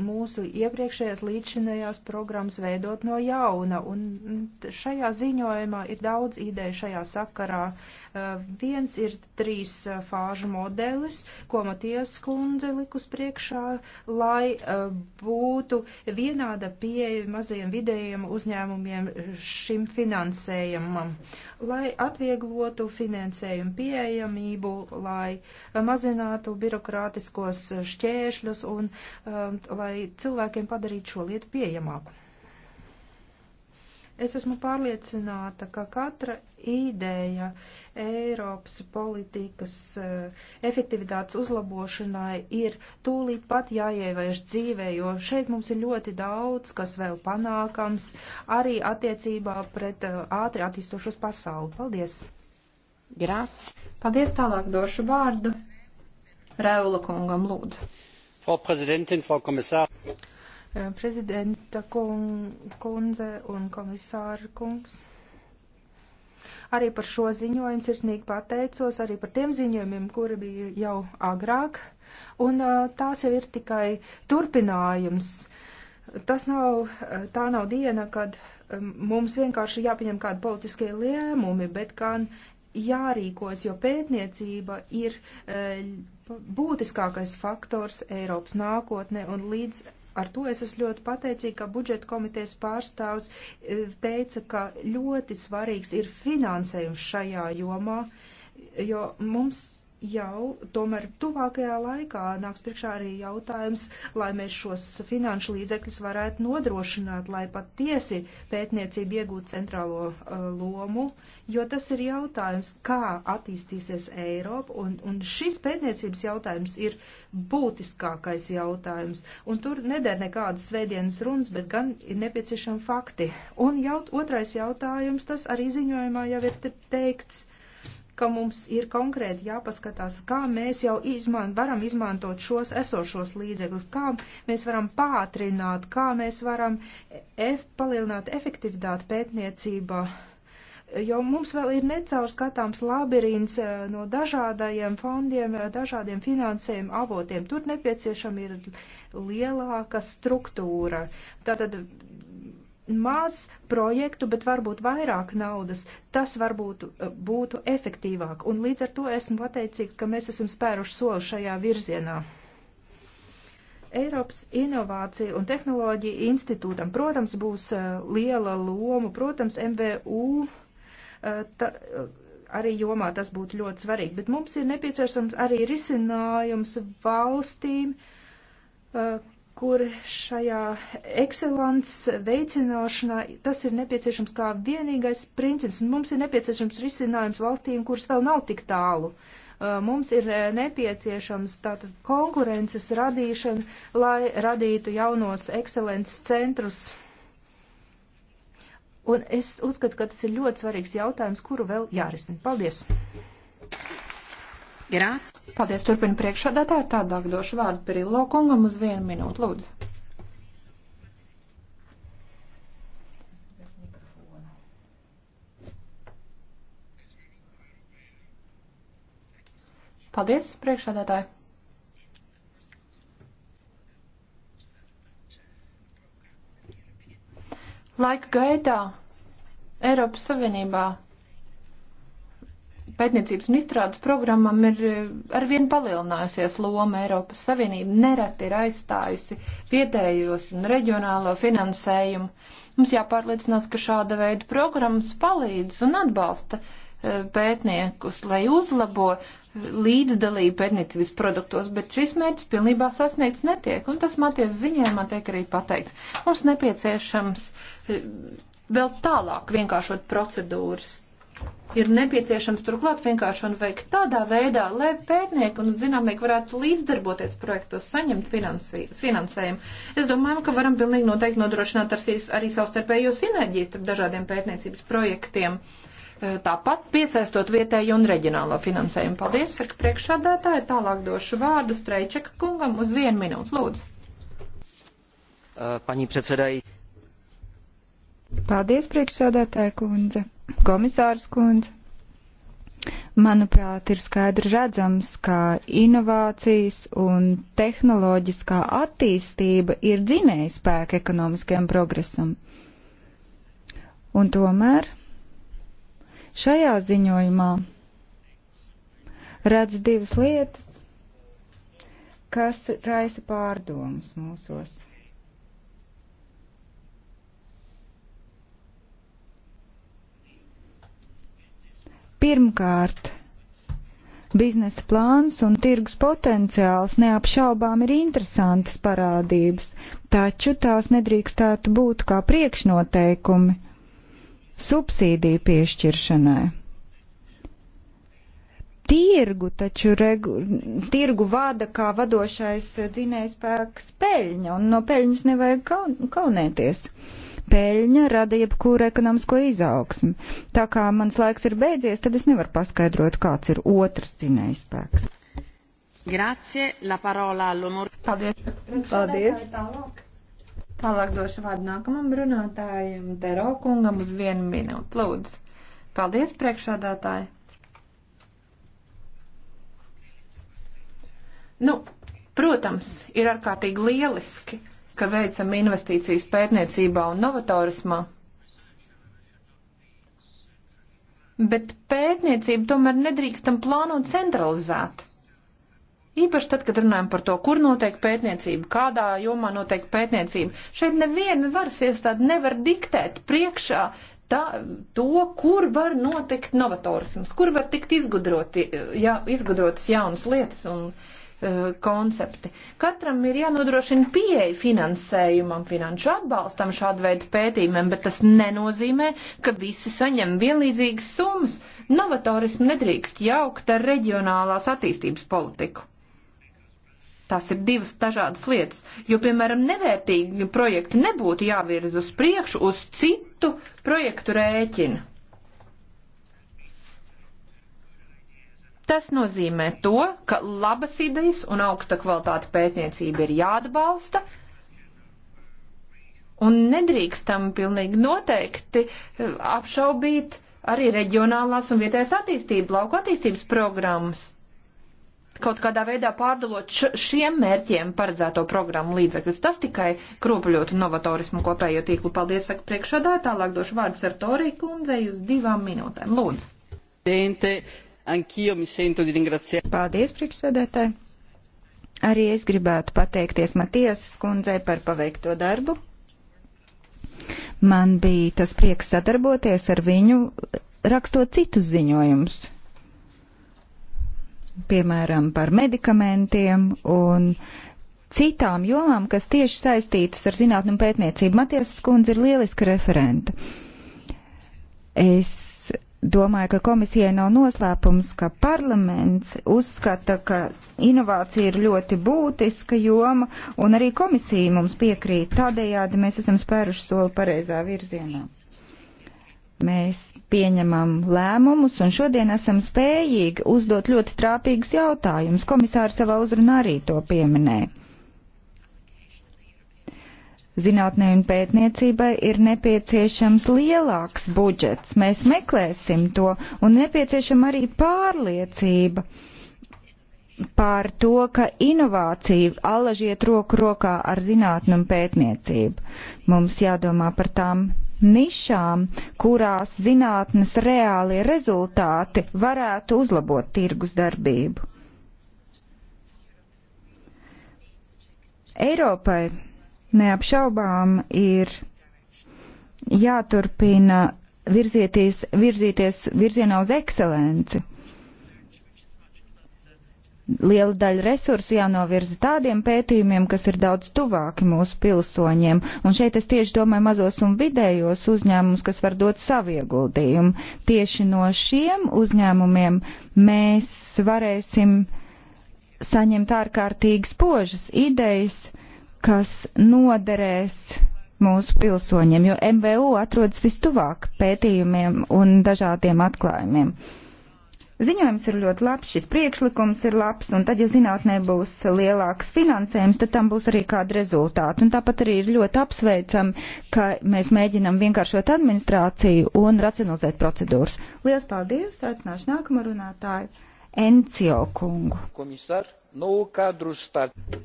mūsu iepriekšējās līdzinējās programmas veidot no jauna. Un mm, šajā ziņojumā ir daudz ideju šajā sakarā. Uh, Viens ir trīs fāžu modelis, ko Matijas kundze likus priekšā, lai būtu vienāda pieeja mazajiem vidējiem uzņēmumiem šim finansējumam, lai atvieglotu finansējumu pieejamību, lai mazinātu birokrātiskos šķēršļus un um, lai cilvēkiem padarītu šo lietu pieejamāku. Es esmu pārliecināta, ka katra ideja Eiropas politikas eh, efektivitātes uzlabošanai ir tūlīt pat jāievērš dzīvē, jo šeit mums ir ļoti daudz, kas vēl panākams, arī attiecībā pret eh, ātri attīstošos pasauli. Paldies! Grāts! Paldies tālāk došu vārdu Reula kungam lūdzu. Frau Präsidentin, Frau Kommissar! Eh, prezidenta kundze un komisāra kungs. Arī par šo ziņojumu sirsnīgi pateicos, arī par tiem ziņojumiem, kuri bija jau agrāk, un eh, tās jau ir tikai turpinājums. Tas nav, eh, tā nav diena, kad mums vienkārši jāpieņem kādi politiskie lēmumi, bet gan jārīkos, jo pētniecība ir būtiskākais faktors Eiropas nākotnē, un līdz Ar to es esmu ļoti pateicīga, ka budžeta komitejas pārstāvs eh, teica, ka ļoti svarīgs ir finansējums šajā jomā, jo mums jau tomēr tuvākajā laikā nāks priekšā arī jautājums, lai mēs šos finanšu līdzekļus varētu nodrošināt, lai patiesi pētniecība iegūtu centrālo uh, lomu, jo tas ir jautājums, kā attīstīsies Eiropa, un, un šis pētniecības jautājums ir būtiskākais jautājums, un tur neder nekādas svētdienas runas, bet gan ir nepieciešami fakti. Un jaut, otrais jautājums, tas arī ziņojumā jau ir teikts ka mums ir konkrēti jāpaskatās, kā mēs jau izman, varam izmantot šos esošos līdzekļus, kā mēs varam pātrināt, kā mēs varam ef, palielināt efektivitāti pētniecībā. Jo mums vēl ir necaurskatāms labirints eh, no dažādajiem fondiem, eh, dažādiem finansējuma avotiem. Tur nepieciešama ir lielāka struktūra. Tātad maz projektu, bet varbūt vairāk naudas, tas varbūt eh, būtu efektīvāk. Un līdz ar to esmu pateicīgs, ka mēs esam spēruši soli šajā virzienā. Eiropas Inovācija un Tehnoloģija institūtam, protams, būs eh, liela loma, protams, MVU. Eh, ta, arī jomā tas būtu ļoti svarīgi, bet mums ir nepieciešams arī risinājums valstīm, kur šajā ekscelences veicināšanā tas ir nepieciešams kā vienīgais princips. Mums ir nepieciešams risinājums valstīm, kuras vēl nav tik tālu. Uh, mums ir uh, nepieciešams tātad konkurences radīšana, lai radītu jaunos ekscelences centrus. Un es uzskatu, ka tas ir ļoti svarīgs jautājums, kuru vēl jārisina. Paldies! Grāts. Paldies, turpina priekšādātāji. Tādāk došu vārdu Pirillo kungam uz vienu minūtu, lūdzu. Paldies, priekšādātāji. Laika gaitā Eiropas Savienībā pētniecības un izstrādes programmam ir eh, arvien palielinājusies loma. Eiropas Savienība nereti ir aizstājusi vietējos un reģionālo finansējumu. Mums jāpārliecinās, ka šāda veida programmas palīdz un atbalsta eh, pētniekus, lai uzlabo eh, līdzdalību pētniecības produktos, bet šis mērķis pilnībā sasniegts netiek, un tas Maties ziņojumā tiek arī pateikts. Mums nepieciešams vēl tālāk vienkāršot procedūras ir nepieciešams turklāt vienkāršanu veikt tādā veidā, lai pētnieki un zinātnieki varētu līdzdarboties projektos, saņemt finansējumu. Es domāju, ka varam pilnīgi noteikti nodrošināt ar, arī savstarpējo sinerģiju starp dažādiem pētniecības projektiem. E, tāpat piesaistot vietēju un reģionālo finansējumu. Paldies, saka priekšādātāji. Tālāk došu vārdu Streičeka kungam uz vienu minūtu. Lūdzu. E, Paņi predsedai. Paldies, priekšsādātāja kundze. Komisārs kundze, manuprāt, ir skaidri redzams, ka inovācijas un tehnoloģiskā attīstība ir dzinējspēka ekonomiskajam progresam. Un tomēr šajā ziņojumā redzu divas lietas, kas raisa pārdomas mūsos. Pirmkārt, biznesa plāns un tirgus potenciāls neapšaubām ir interesantas parādības, taču tās nedrīkstētu būt kā priekšnoteikumi subsīdiju piešķiršanai. Tirgu taču regu, tirgu vada kā vadošais dzinējspēks peļņa, un no peļņas nevajag kaun, kaunēties. Uh, peļņa rada jebkuru ekonomisko izaugsmi. Tā kā mans laiks ir beidzies, tad es nevaru paskaidrot, kāds ir otrs cinējs spēks. Grazie, la parola all'onor. Paldies. Paldies. Tālāk. Tālāk došu vārdu nākamam runātājam, Dero kungam uz vienu minūtu. Lūdzu. Paldies, priekšādātāji. Nu, protams, ir ārkārtīgi lieliski ka veicam investīcijas pētniecībā un novatorismā. Bet pētniecību tomēr nedrīkstam plānot centralizēt. Īpaši tad, kad runājam par to, kur notiek pētniecība, kādā jomā notiek pētniecība, šeit neviena varas iestāde nevar diktēt priekšā tā, to, kur var notikt novatorisms, kur var tikt izgudroti, ja, izgudrotas jaunas lietas un uh, Eh, koncepti. Katram ir jānodrošina pieeja finansējumam, finanšu atbalstam šādu veidu pētījumiem, bet tas nenozīmē, ka visi saņem vienlīdzīgas summas. Novatorismu nedrīkst jaukt ar reģionālās attīstības politiku. Tās ir divas dažādas lietas, jo, piemēram, nevērtīgi projekti nebūtu jāvirz uz priekšu uz citu projektu rēķinu. Tas nozīmē to, ka labas idejas un augsta kvalitāte pētniecība ir jāatbalsta, un nedrīkstam pilnīgi noteikti eh, apšaubīt arī reģionālās un vietējās attīstību, lauku attīstības programmas. Kaut kādā veidā pārdalot šiem mērķiem paredzēto programmu līdzekļus. Tas tikai kropļotu novatorismu kopējo tīklu. Paldies, saka priekšādā. Tālāk došu vārdus ar Torī kundzei uz divām minūtēm. Lūdzu. Anch'io mi sento di ringraziare. Paldies, priekšsēdētāji. Arī es gribētu pateikties Matijas skundzei par paveikto darbu. Man bija tas prieks sadarboties ar viņu, rakstot citus ziņojumus, piemēram, par medikamentiem un citām jomām, kas tieši saistītas ar zinātnu un pētniecību. Matijas skundze ir lieliska referenta. Es Domāju, ka komisijai nav noslēpums, ka parlaments uzskata, ka inovācija ir ļoti būtiska joma, un arī komisija mums piekrīt. Tādējādi mēs esam spēruši soli pareizā virzienā. Mēs pieņemam lēmumus, un šodien esam spējīgi uzdot ļoti trāpīgus jautājumus. Komisāri savā uzrunā arī to pieminēja Zinātnē un pētniecībai ir nepieciešams lielāks budžets. Mēs meklēsim to un nepieciešama arī pārliecība par to, ka inovācija allažiet roku rokā ar zinātnu un pētniecību. Mums jādomā par tām nišām, kurās zinātnes reālie rezultāti varētu uzlabot tirgus darbību. Eiropai neapšaubām ir jāturpina virzieties, virzieties virzienā uz ekscelenci. Liela daļa resursu jānovirza tādiem pētījumiem, kas ir daudz tuvāki mūsu pilsoņiem, un šeit es tieši domāju mazos un vidējos uzņēmumus, kas var dot savu ieguldījumu. Tieši no šiem uzņēmumiem mēs varēsim saņemt ārkārtīgi spožas idejas, kas noderēs mūsu pilsoņiem, jo MVU atrodas vistuvāk pētījumiem un dažādiem atklājumiem. Ziņojums ir ļoti labs, šis priekšlikums ir labs, un tad, ja zinātnē būs lielāks finansējums, tad tam būs arī kāda rezultāta. Un tāpat arī ir ļoti apsveicam, ka mēs mēģinam vienkāršot administrāciju un racionalizēt procedūras. Lielas paldies! Aicināšu nākamo runātāju Encio kungu. Komisār.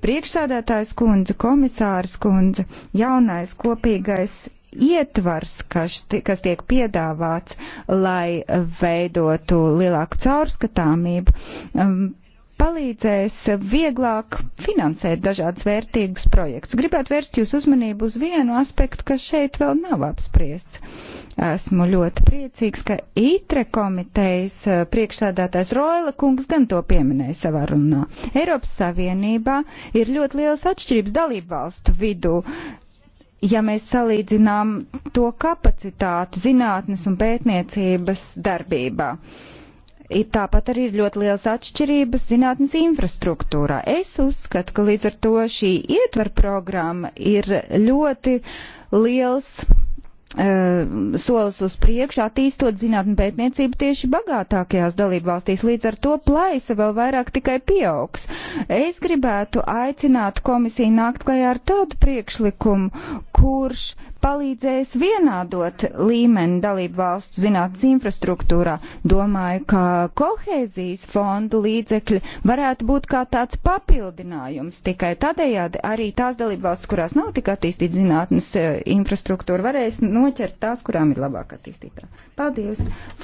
Priekšsādātājs kundze, komisārs kundze, jaunais kopīgais ietvars, kas, kas tiek piedāvāts, lai veidotu lielāku caurskatāmību, um, palīdzēs vieglāk finansēt dažādus vērtīgus projektus. Gribētu vērst jūs uzmanību uz vienu aspektu, kas šeit vēl nav apspriests. Esmu ļoti priecīgs, ka ITRE komitejas eh, priekšsādātājs Roila kungs gan to pieminēja savā runā. Eiropas Savienībā ir ļoti liels atšķirības dalību valstu vidū. Ja mēs salīdzinām to kapacitāti zinātnes un pētniecības darbībā. Ir tāpat arī ir ļoti liels atšķirības zinātnes infrastruktūrā. Es uzskatu, ka līdz ar to šī ietver programma ir ļoti liels Eh, solis uz priekšu, attīstot zinātnē pētniecību tieši bagātākajās dalībvalstīs. Līdz ar to plaisa vēl vairāk tikai pieaugs. Es gribētu aicināt komisiju nākt klajā ar tādu priekšlikumu, kurš palīdzējis vienādot līmeni dalību valstu zinātnes infrastruktūrā. Domāju, ka kohēzijas fondu līdzekļi varētu būt kā tāds papildinājums. Tikai tādējādi arī tās dalību valsts, kurās nav tik attīstīta zinātnes e, infrastruktūra, varēs noķert tās, kurām ir labāk attīstītā. Paldies!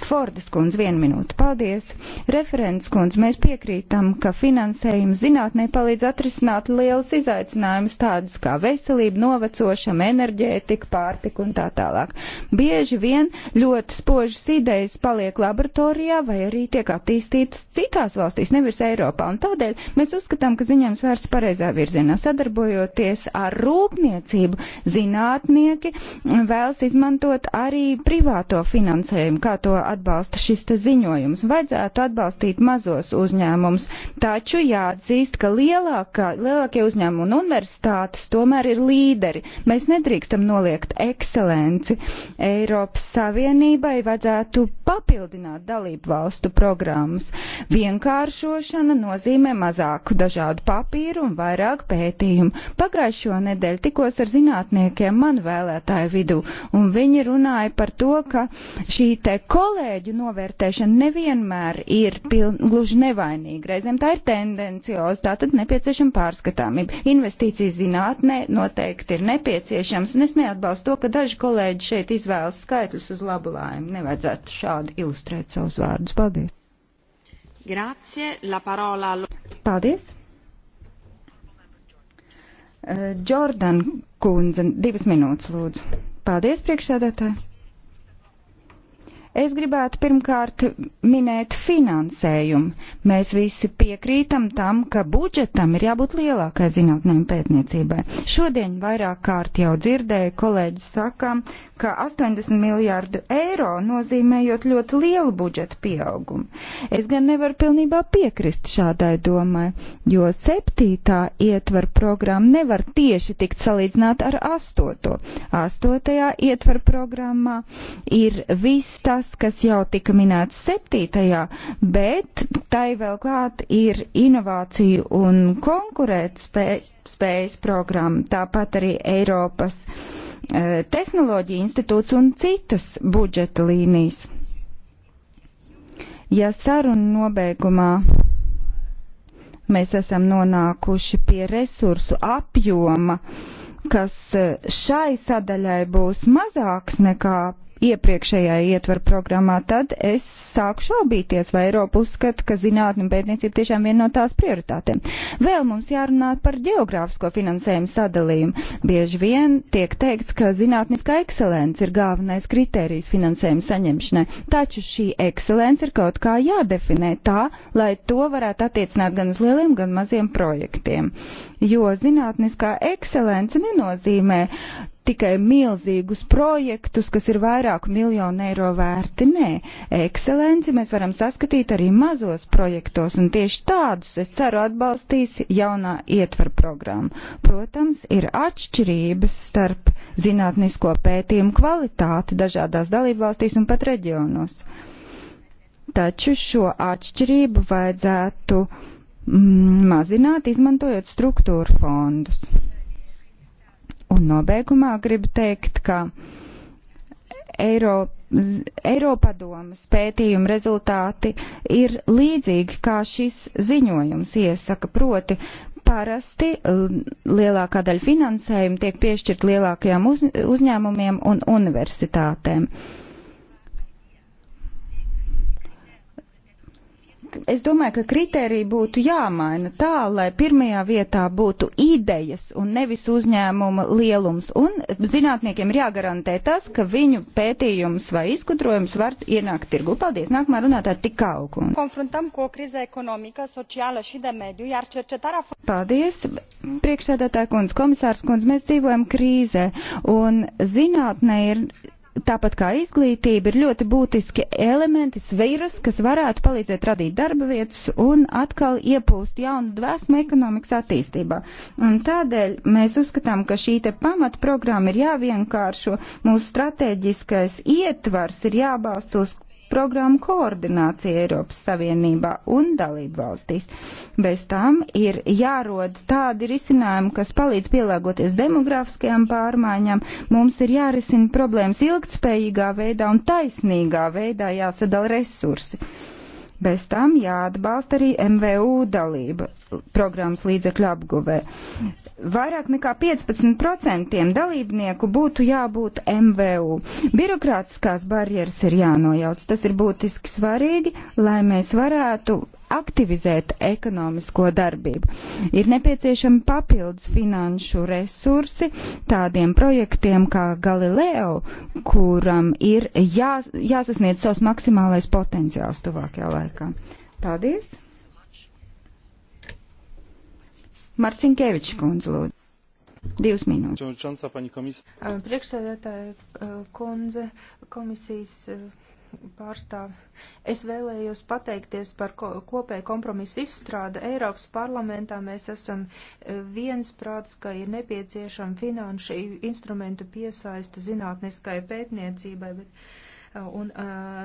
Fordas kundze, vienu minūti. Paldies! Referents kundze, mēs piekrītam, ka finansējums zinātnē palīdz atrisināt lielus izaicinājumus tādus kā veselība, novecošana, enerģētika, pārtiku, pārtiku un tā tālāk. Bieži vien ļoti spožas idejas paliek laboratorijā vai arī tiek attīstītas citās valstīs, nevis Eiropā. Un tādēļ mēs uzskatām, ka ziņojums vērts pareizā virzienā. Sadarbojoties ar rūpniecību, zinātnieki vēlas izmantot arī privāto finansējumu, kā to atbalsta šis te ziņojums. Vajadzētu atbalstīt mazos uzņēmumus, taču jāatzīst, ka lielākā, lielākie uzņēmumi un universitātes tomēr ir līderi. Mēs nedrīkstam noliegt noliegt ekscelenci, Eiropas Savienībai vajadzētu papildināt dalību valstu programmas. Vienkāršošana nozīmē mazāku dažādu papīru un vairāk pētījumu. Pagājušo nedēļu tikos ar zinātniekiem man vēlētāju vidū, un viņi runāja par to, ka šī te kolēģu novērtēšana nevienmēr ir piln, gluži nevainīga. Reizēm tā ir tendencioza, tā tad nepieciešama pārskatāmība. Investīcijas zinātnē noteikti ir nepieciešams, un es neatbalstu atbalstu to, ka daži kolēģi šeit izvēlas skaitļus uz labu laimi. Nevajadzētu šādi ilustrēt savus vārdus. Paldies! Grazie, la parola. Paldies! Eh, Jordan kundze, divas minūtes lūdzu. Paldies, priekšsēdētāji! Es gribētu pirmkārt minēt finansējumu. Mēs visi piekrītam tam, ka budžetam ir jābūt lielākai zinātnēm pētniecībai. Šodien vairāk kārt jau dzirdēju kolēģi sakām, ka 80 miljārdu eiro nozīmējot ļoti lielu budžetu pieaugumu. Es gan nevaru pilnībā piekrist šādai domai, jo septītā ietver programma nevar tieši tikt salīdzināt ar astoto. Astotajā ietver programmā ir viss tas, tas, kas jau tika minēts septītajā, bet tai vēl klāt ir inovāciju un konkurēt spēj, spējas programma, tāpat arī Eiropas eh, tehnoloģija institūts un citas budžeta līnijas. Ja saruna nobeigumā mēs esam nonākuši pie resursu apjoma, kas e, šai sadaļai būs mazāks nekā iepriekšējā ietvaru programmā, tad es sāku šaubīties, vai Eiropa uzskata, ka zinātne un pētniecība tiešām viena no tās prioritātēm. Vēl mums jārunā par geogrāfisko finansējumu sadalījumu. Bieži vien tiek teikts, ka zinātniskā ekscelence ir galvenais kriterijs finansējumu saņemšanai, taču šī ekscelence ir kaut kā jādefinē tā, lai to varētu attiecināt gan uz lieliem, gan maziem projektiem. Jo zinātniskā ekscelence nenozīmē tikai milzīgus projektus, kas ir vairāku miljonu eiro vērti. Nē, ekscelenci mēs varam saskatīt arī mazos projektos, un tieši tādus, es ceru, atbalstīs jaunā ietver programma. Protams, ir atšķirības starp zinātnisko pētījumu kvalitāti dažādās dalībvalstīs un pat reģionos. Taču šo atšķirību vajadzētu mm, mazināt, izmantojot struktūru fondus. Un nobeigumā gribu teikt, ka Eiropa. Eiropadomas pētījuma rezultāti ir līdzīgi, kā šis ziņojums iesaka, proti parasti lielākā daļa finansējuma tiek piešķirt lielākajām uz, uzņēmumiem un universitātēm. Uh, es domāju, ka kriteriji būtu jāmaina tā, lai pirmajā vietā būtu idejas un nevis uzņēmuma lielums. Un zinātniekiem ir jāgarantē tas, ka viņu pētījums vai izgudrojums var ienākt tirgu. Paldies! Nākamā runātā tik augu. Konfrontăm ko krize ekonomika, sociāla și de mediu, iar cercetarea... Paldies! Priekšsēdētāja kundze, komisārs kundze, mēs dzīvojam krīzē un zinātne ir tāpat kā izglītība, ir ļoti būtiski elementi, sviras, kas varētu palīdzēt radīt darba vietas un atkal iepūst jaunu dvēsmu ekonomikas attīstībā. Un tādēļ mēs uzskatām, ka šī te pamatprogramma ir jāvienkāršo, mūsu strateģiskais ietvars ir jābalst uz programmu koordinācija Eiropas Savienībā un dalību valstīs. Bez tam ir jārod tādi risinājumi, kas palīdz pielāgoties demografiskajām pārmaiņām. Mums ir jārisina problēmas ilgtspējīgā veidā un taisnīgā veidā jāsadala resursi. Bez tam jāatbalsta arī MVU dalība programmas līdzekļu apguvē. Vairāk nekā 15% dalībnieku būtu jābūt MVU. Birokrātiskās barjeras ir jānojauc. Tas ir būtiski svarīgi, lai mēs varētu aktivizēt ekonomisko darbību. Ir nepieciešami papildus finanšu resursi tādiem projektiem kā Galileo, kuram ir jā, jāsasniedz savs maksimālais potenciāls tuvākajā laikā. Paldies! Marcinkevičs kundze lūdzu. Divas minūtes. Priekšsēdētāja eh, kundze komisijas eh, pārstāvi. Es vēlējos pateikties par ko, kopēju kompromisu izstrāde Eiropas parlamentā. Mēs esam e, viensprāts, ka ir nepieciešama finanšu instrumentu piesaista zinātniskai pētniecībai, bet Un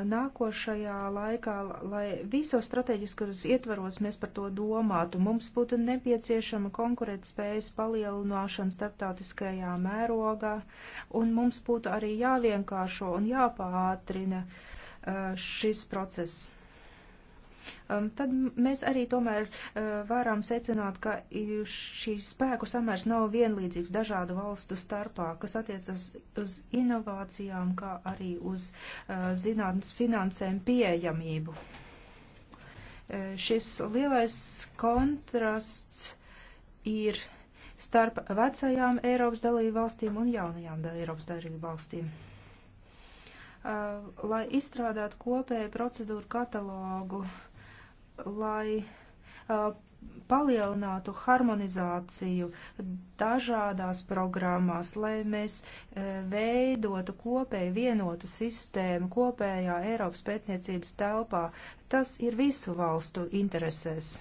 nākošajā laikā, lai visos strateģiskos ietvaros mēs par to domātu, mums būtu nepieciešama konkurētspējas palielināšana starptautiskajā mērogā, un mums būtu arī jāvienkāršo un jāpātrina šis process. Um, tad mēs arī tomēr uh, varam secināt, ka šīs spēku samērs nav vienlīdzīgs dažādu valstu starpā, kas attiecas uz inovācijām, kā arī uz uh, zinātnes finansēm pieejamību. Uh, šis lielais kontrasts ir starp vecajām Eiropas dalību valstīm un jaunajām Eiropas dalību valstīm lai izstrādātu kopēju procedūru katalogu lai uh, palielinātu harmonizāciju dažādās programmās, lai mēs uh, veidotu kopēju vienotu sistēmu kopējā Eiropas pētniecības telpā. Tas ir visu valstu interesēs.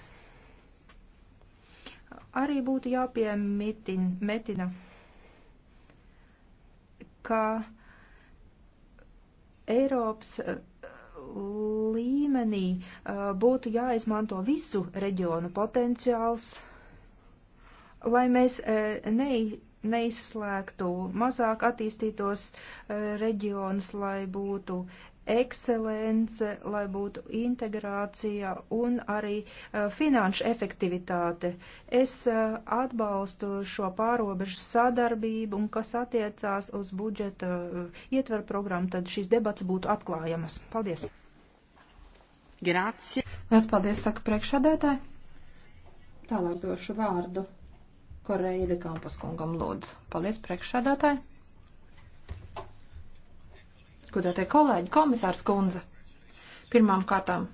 Arī būtu jāpiemitina, ka Eiropas uh, līmenī uh, būtu jāizmanto visu reģionu potenciāls, lai mēs uh, ne, neizslēgtu mazāk attīstītos uh, reģionus, lai būtu ekscelence, lai būtu integrācija un arī uh, finanšu efektivitāte. Es uh, atbalstu šo pārobežu sadarbību un kas attiecās uz budžeta uh, ietveru programmu, tad šīs debats būtu atklājamas. Paldies! Grācija. Lielas paldies, saka priekšsēdētāji. Tālāk došu vārdu Koreja Likampus kungam lūdzu. Paldies, priekšsēdētāji. Gudētie kolēģi, komisārs kundze. Pirmām kārtām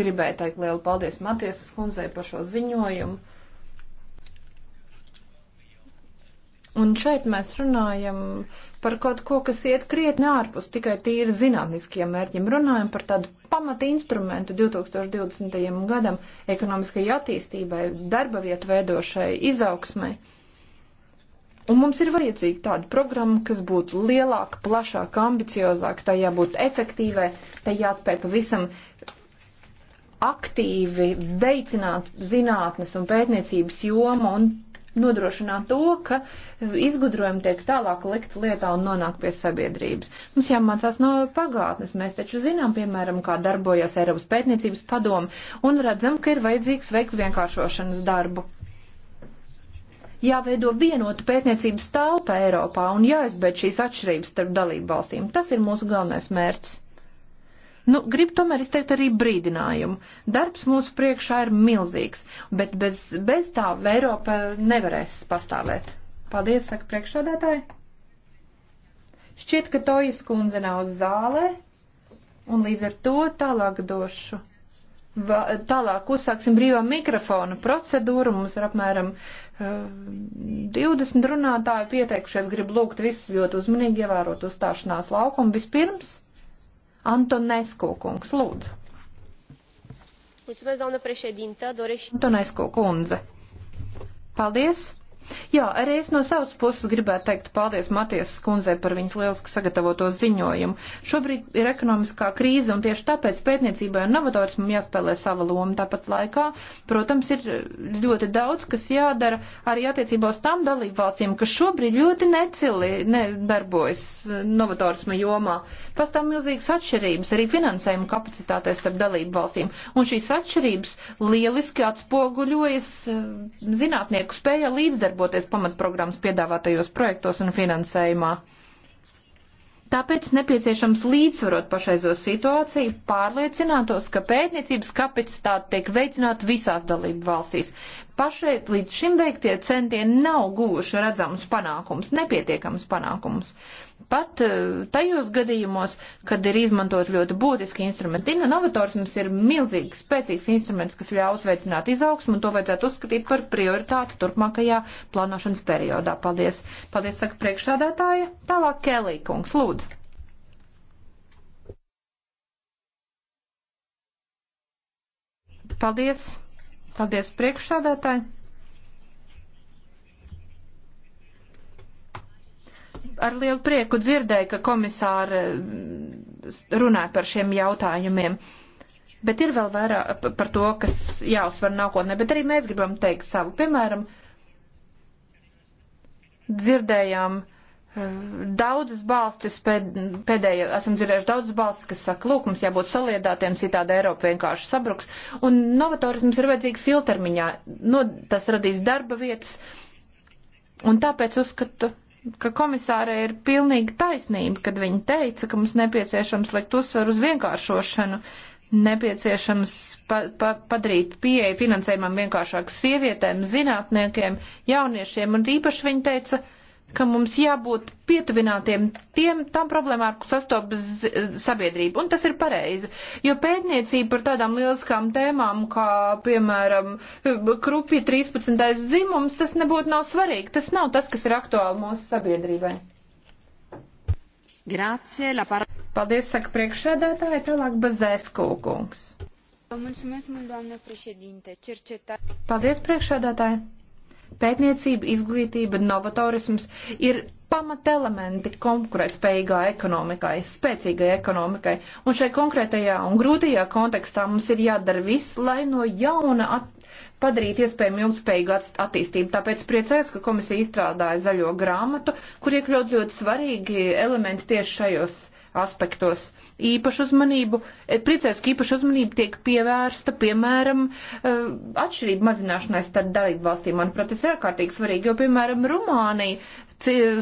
gribēju teikt lielu paldies Matiesas kundzei par šo ziņojumu. Un šeit mēs runājam par kaut ko, kas iet krietni ārpus tikai tīri zinātniskiem mērķiem. Runājam par tādu pamata instrumentu 2020. gadam ekonomiskajai attīstībai, darba vietu veidošai izaugsmai. Un mums ir vajadzīga tāda programma, kas būtu lielāka, plašāka, ambiciozāka, tā jābūt efektīvai, tā jāspēj pavisam aktīvi veicināt zinātnes un pētniecības jomu un nodrošināt to, ka izgudrojumi tiek tālāk likt lietā un nonāk pie sabiedrības. Mums jāmācās no pagātnes. Mēs taču zinām, piemēram, kā darbojas Eiropas pētniecības padomu un redzam, ka ir vajadzīgs veikt vienkāršošanas darbu jāveido vienota pētniecības telpa Eiropā un jāizbeidz šīs atšķirības starp dalību valstīm. Tas ir mūsu galvenais mērķis. Nu, grib tomēr izteikt arī brīdinājumu. Darbs mūsu priekšā ir milzīgs, bet bez, bez tā Eiropa nevarēs pastāvēt. Paldies, saka priekšsādātāji. Šķiet, ka Tojas kundze nav zālē, un līdz ar to tālāk došu. Va, tālāk uzsāksim brīvā mikrofona procedūru. Mums ir apmēram uh, eh, 20 runātāji pieteikušies. Gribu lūgt visus ļoti uzmanīgi ievērot uzstāšanās laukumu. Vispirms Antonescu kungs, lūdzu. Mulțumesc, doamnă președintă, doresc. Antonescu kundze. Paldies! Jā, arī es no savas puses gribētu teikt paldies Matiesas kundzei par viņas lieliski sagatavoto ziņojumu. Šobrīd ir ekonomiskā krīze, un tieši tāpēc pētniecībai un novatorismam jāspēlē sava loma. Tāpat laikā, protams, ir ļoti daudz, kas jādara arī attiecībā uz tām dalību valstīm, kas šobrīd ļoti necili ne, darbojas novatorisma jomā. Pastāv milzīgas atšķirības arī finansējuma kapacitātēs starp dalību valstīm, un šīs atšķirības lieliski atspoguļojas eh, zinātnieku spējā līdzdarboties iedarboties pamatprogrammas piedāvātajos projektos un finansējumā. Tāpēc nepieciešams līdzsvarot pašreizo situāciju, pārliecinātos, ka pētniecības kapacitāte tiek veicināta visās dalību valstīs. Pašreiz līdz šim veiktie centieni nav guvuši redzamus panākumus, nepietiekamus panākumus pat eh, tajos gadījumos, kad ir izmantot ļoti būtiski instrumenti. Inovatorisms ir milzīgs, spēcīgs instruments, kas ļaus veicināt izaugsmu, un to vajadzētu uzskatīt par prioritāti turpmākajā plānošanas periodā. Paldies. Paldies, saka priekšsādātāja. Tālāk Kelī kungs, lūdzu. Paldies. Paldies priekšsādātāji. ar lielu prieku dzirdēju, ka komisāra mm, runāja par šiem jautājumiem. Bet ir vēl vairāk par to, kas jāuzsver nākotnē, bet arī mēs gribam teikt savu. Piemēram, dzirdējām eh, daudzas balstis, pēd, pēdējā esam dzirdējuši daudzas balstis, kas saka, lūk, mums jābūt saliedātiem, citādi Eiropa vienkārši sabruks. Un novatorisms ir vajadzīgs ilgtermiņā. No, tas radīs darba vietas. Un tāpēc uzskatu ka komisārai ir pilnīga taisnība, kad viņa teica, ka mums nepieciešams likt uzsvaru uz vienkāršošanu, nepieciešams pa, pa, padarīt pieeja finansējumam vienkāršāk sievietēm, zinātniekiem, jauniešiem, un īpaši viņa teica, ka mums jābūt pietuvinātiem tiem, tam problēmām, ar ko sastopas sabiedrība. Un tas ir pareizi, jo pētniecība par tādām lieliskām tēmām, kā, piemēram, krupja 13. dzimums, tas nebūtu nav svarīgi. Tas nav tas, kas ir aktuāli mūsu sabiedrībai. Grācie, la par... Paldies, saka priekšsēdētāji, tālāk Bazēsku kungs. Paldies, priekšsēdētāji. Pētniecība, izglītība, novatorisms ir pamatelementi konkurētspējīgā ekonomikai, spēcīgai ekonomikai. Un šai konkrētajā un grūtajā kontekstā mums ir jādara viss, lai no jauna at padarīt iespējami ilgspējīgu attīstību. Tāpēc priecājos, ka komisija izstrādāja zaļo grāmatu, kur iekļaut ļoti svarīgi elementi tieši šajos aspektos. Īpašu uzmanību, eh, priecājos, ka īpašu uzmanību tiek pievērsta, piemēram, eh, atšķirību mazināšanai starp dalību valstīm. Manuprāt, tas ir ārkārtīgi svarīgi, jo, piemēram, Rumānija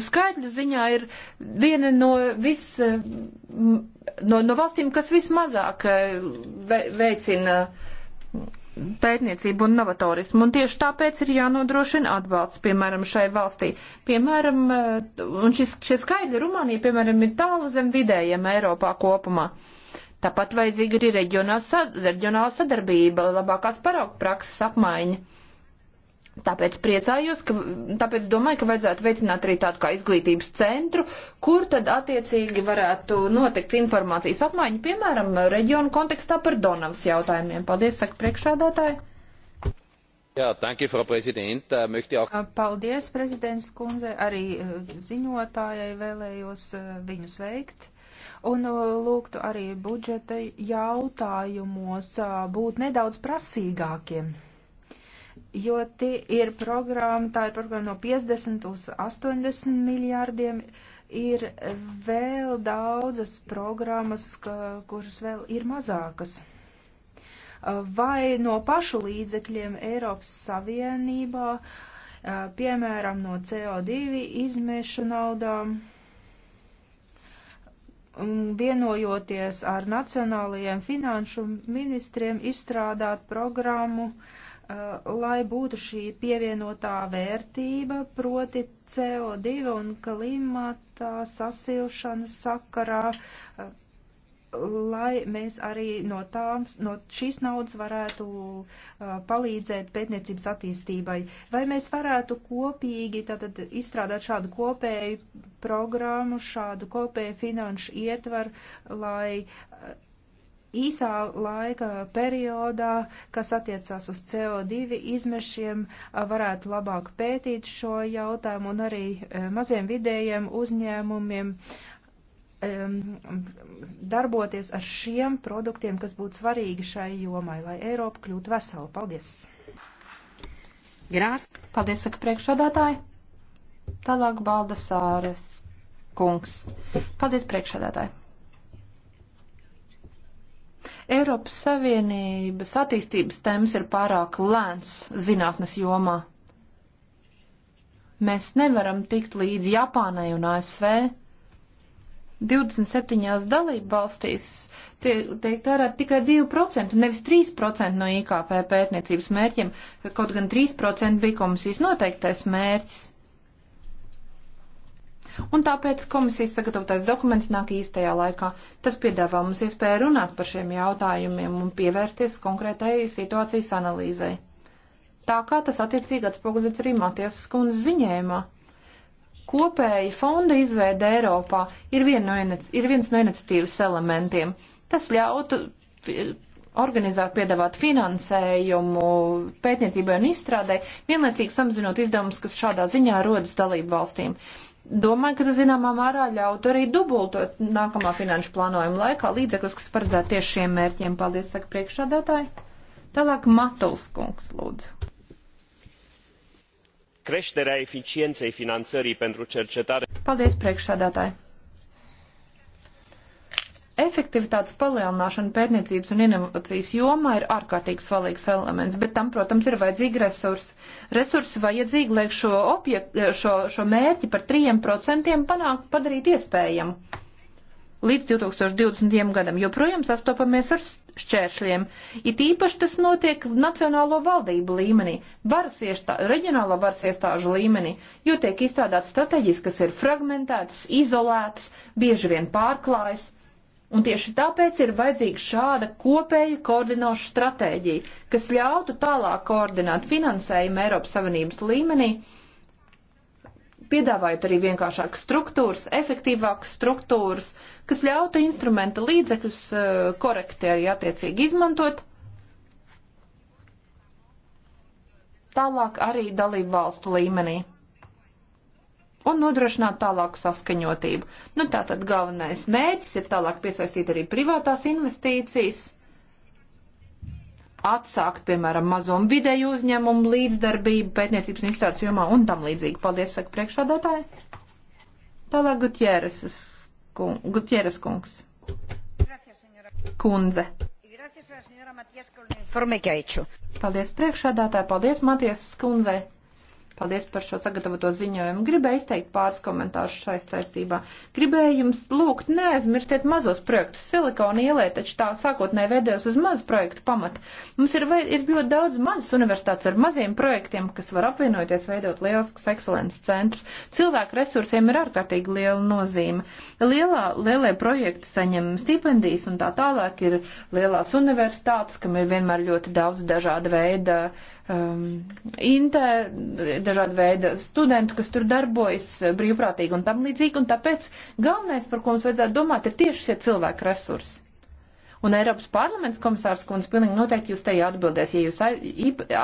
skaidru ziņā ir viena no vis, eh, no, no valstīm, kas vismazāk veicina. Ve, pētniecību un novatorismu, un tieši tāpēc ir jānodrošina atbalsts, piemēram, šai valstī. Piemēram, eh, un šis, šie skaidri Rumānija, piemēram, ir tālu zem vidējiem Eiropā kopumā. Tāpat vajadzīga ir reģionāla sadarbība, labākās paraugu prakses apmaiņa. Tāpēc priecājos, ka, tāpēc domāju, ka vajadzētu veicināt arī tādu kā izglītības centru, kur tad attiecīgi varētu notikt informācijas apmaiņa, piemēram, reģionu kontekstā par Donavas jautājumiem. Paldies, saka priekšādātāji. Jā, danke, Frau Prezident. Möchte auch... Paldies, prezidents kundze. Arī eh, ziņotājai vēlējos eh, viņu sveikt. Un eh, lūgtu arī budžeta jautājumos būt nedaudz prasīgākiem jo ir programma, tā ir programma no 50 uz 80 miljārdiem. Ir vēl daudzas programmas, ka, kuras vēl ir mazākas. Vai no pašu līdzekļiem Eiropas Savienībā, piemēram, no CO2 izmešu naudām, vienojoties ar nacionālajiem finanšu ministriem, izstrādāt programmu uh, Uh, lai būtu šī pievienotā vērtība, proti CO2 un klimata sasilšanas sakarā, uh, lai mēs arī no, tām, no šīs naudas varētu uh, palīdzēt pētniecības attīstībai. Vai mēs varētu kopīgi tātad izstrādāt šādu kopēju programmu, šādu kopēju finanšu ietvaru, lai īsā laika periodā, kas attiecās uz CO2 izmešiem, varētu labāk pētīt šo jautājumu un arī e, maziem vidējiem uzņēmumiem e, darboties ar šiem produktiem, kas būtu svarīgi šai jomai, lai Eiropa kļūtu vesela. Paldies! Grāt. Paldies, saka priekšsādātāji. Tālāk Baldasāres kungs. Paldies, priekšsādātāji. Eiropas Savienības attīstības temps ir pārāk lēns zinātnes jomā. Mēs nevaram tikt līdz Japānai un ASV. 27 dalību valstīs tiek tērēt tikai 2%, nevis 3% no IKP pētniecības mērķiem, kaut gan 3% bija komisijas noteiktais mērķis. Un tāpēc komisijas sagatavotais dokuments nāk īstajā laikā. Tas piedāvā mums iespēju runāt par šiem jautājumiem un pievērsties konkrētai situācijas analīzei. Tā kā tas attiecīgi atspoguļots arī Matiesas kundzes ziņējumā. Kopēji fonda izveida Eiropā ir, vien no inec, ir viens no iniciatīvas elementiem. Tas ļautu organizēt, piedāvāt finansējumu pētniecībai un izstrādē, vienlaicīgi samazinot izdevumus, kas šādā ziņā rodas dalību valstīm domāju, ka tas zināmā mērā ļautu arī dubultot nākamā finanšu plānojuma laikā līdzekļus, kas paredzēti tieši šiem mērķiem. Paldies, saka priekšādātāji. Tālāk Matuls kungs, lūdzu. Creșterea eficienței finanțării pentru cercetare. Paldies, priekšādātāji. Efektivitātes palielināšana pētniecības un inovācijas jomā ir ārkārtīgi svarīgs elements, bet tam, protams, ir vajadzīgi resursi. Resursi vajadzīgi, lai šo, objekt, šo, šo mērķi par 3% panākt, padarīt iespējamu. Līdz 2020. gadam joprojām sastopamies ar šķēršļiem. It īpaši tas notiek nacionālo valdību līmenī, varas iestā, reģionālo varas iestāžu līmenī, jo tiek izstrādāts strateģijas, kas ir fragmentētas, izolētas, bieži vien pārklājas Un tieši tāpēc ir vajadzīga šāda kopēja koordinoša stratēģija, kas ļautu tālāk koordinēt finansējumu Eiropas Savienības līmenī, piedāvājot arī vienkāršākas struktūras, efektīvākas struktūras, kas ļautu instrumenta līdzekļus eh, korekti arī attiecīgi izmantot. Tālāk arī dalību valstu līmenī un nodrošināt tālāku saskaņotību. Nu, tā tad galvenais mērķis ir tālāk piesaistīt arī privātās investīcijas, atsākt, piemēram, mazo un vidēju uzņēmumu līdzdarbību pētniecības un izstādes jomā un tam līdzīgi. Paldies, saka priekšādātāji. Tālāk Gutjēras kung, Gutieres kungs. Kundze. Paldies priekšādātāji, paldies Matijas kundzei Paldies par šo sagatavoto ziņojumu. Gribēju izteikt pāris komentārus šai saistībā. Gribēju jums lūgt, neaizmirstiet mazos projektus. Silikona ielē taču tā sākotnēji veidojas uz mazu projektu pamata. Mums ir, ir ļoti daudz mazas universitātes ar maziem projektiem, kas var apvienoties, veidot lieliskus ekscelences centrus. Cilvēku resursiem ir ārkārtīgi liela nozīme. Lielā, lielie projekti saņem stipendijas un tā tālāk ir lielās universitātes, kam ir vienmēr ļoti daudz dažāda veida um, inter, ir dažādi veidi studenti, kas tur darbojas eh, brīvprātīgi un tam līdzīgi, un tāpēc galvenais, par ko mums vajadzētu domāt, ir tieši šie cilvēku resursi. Un Eiropas parlaments komisārs Kunds pilnīgi noteikti jūs te atbildēs, ja jūs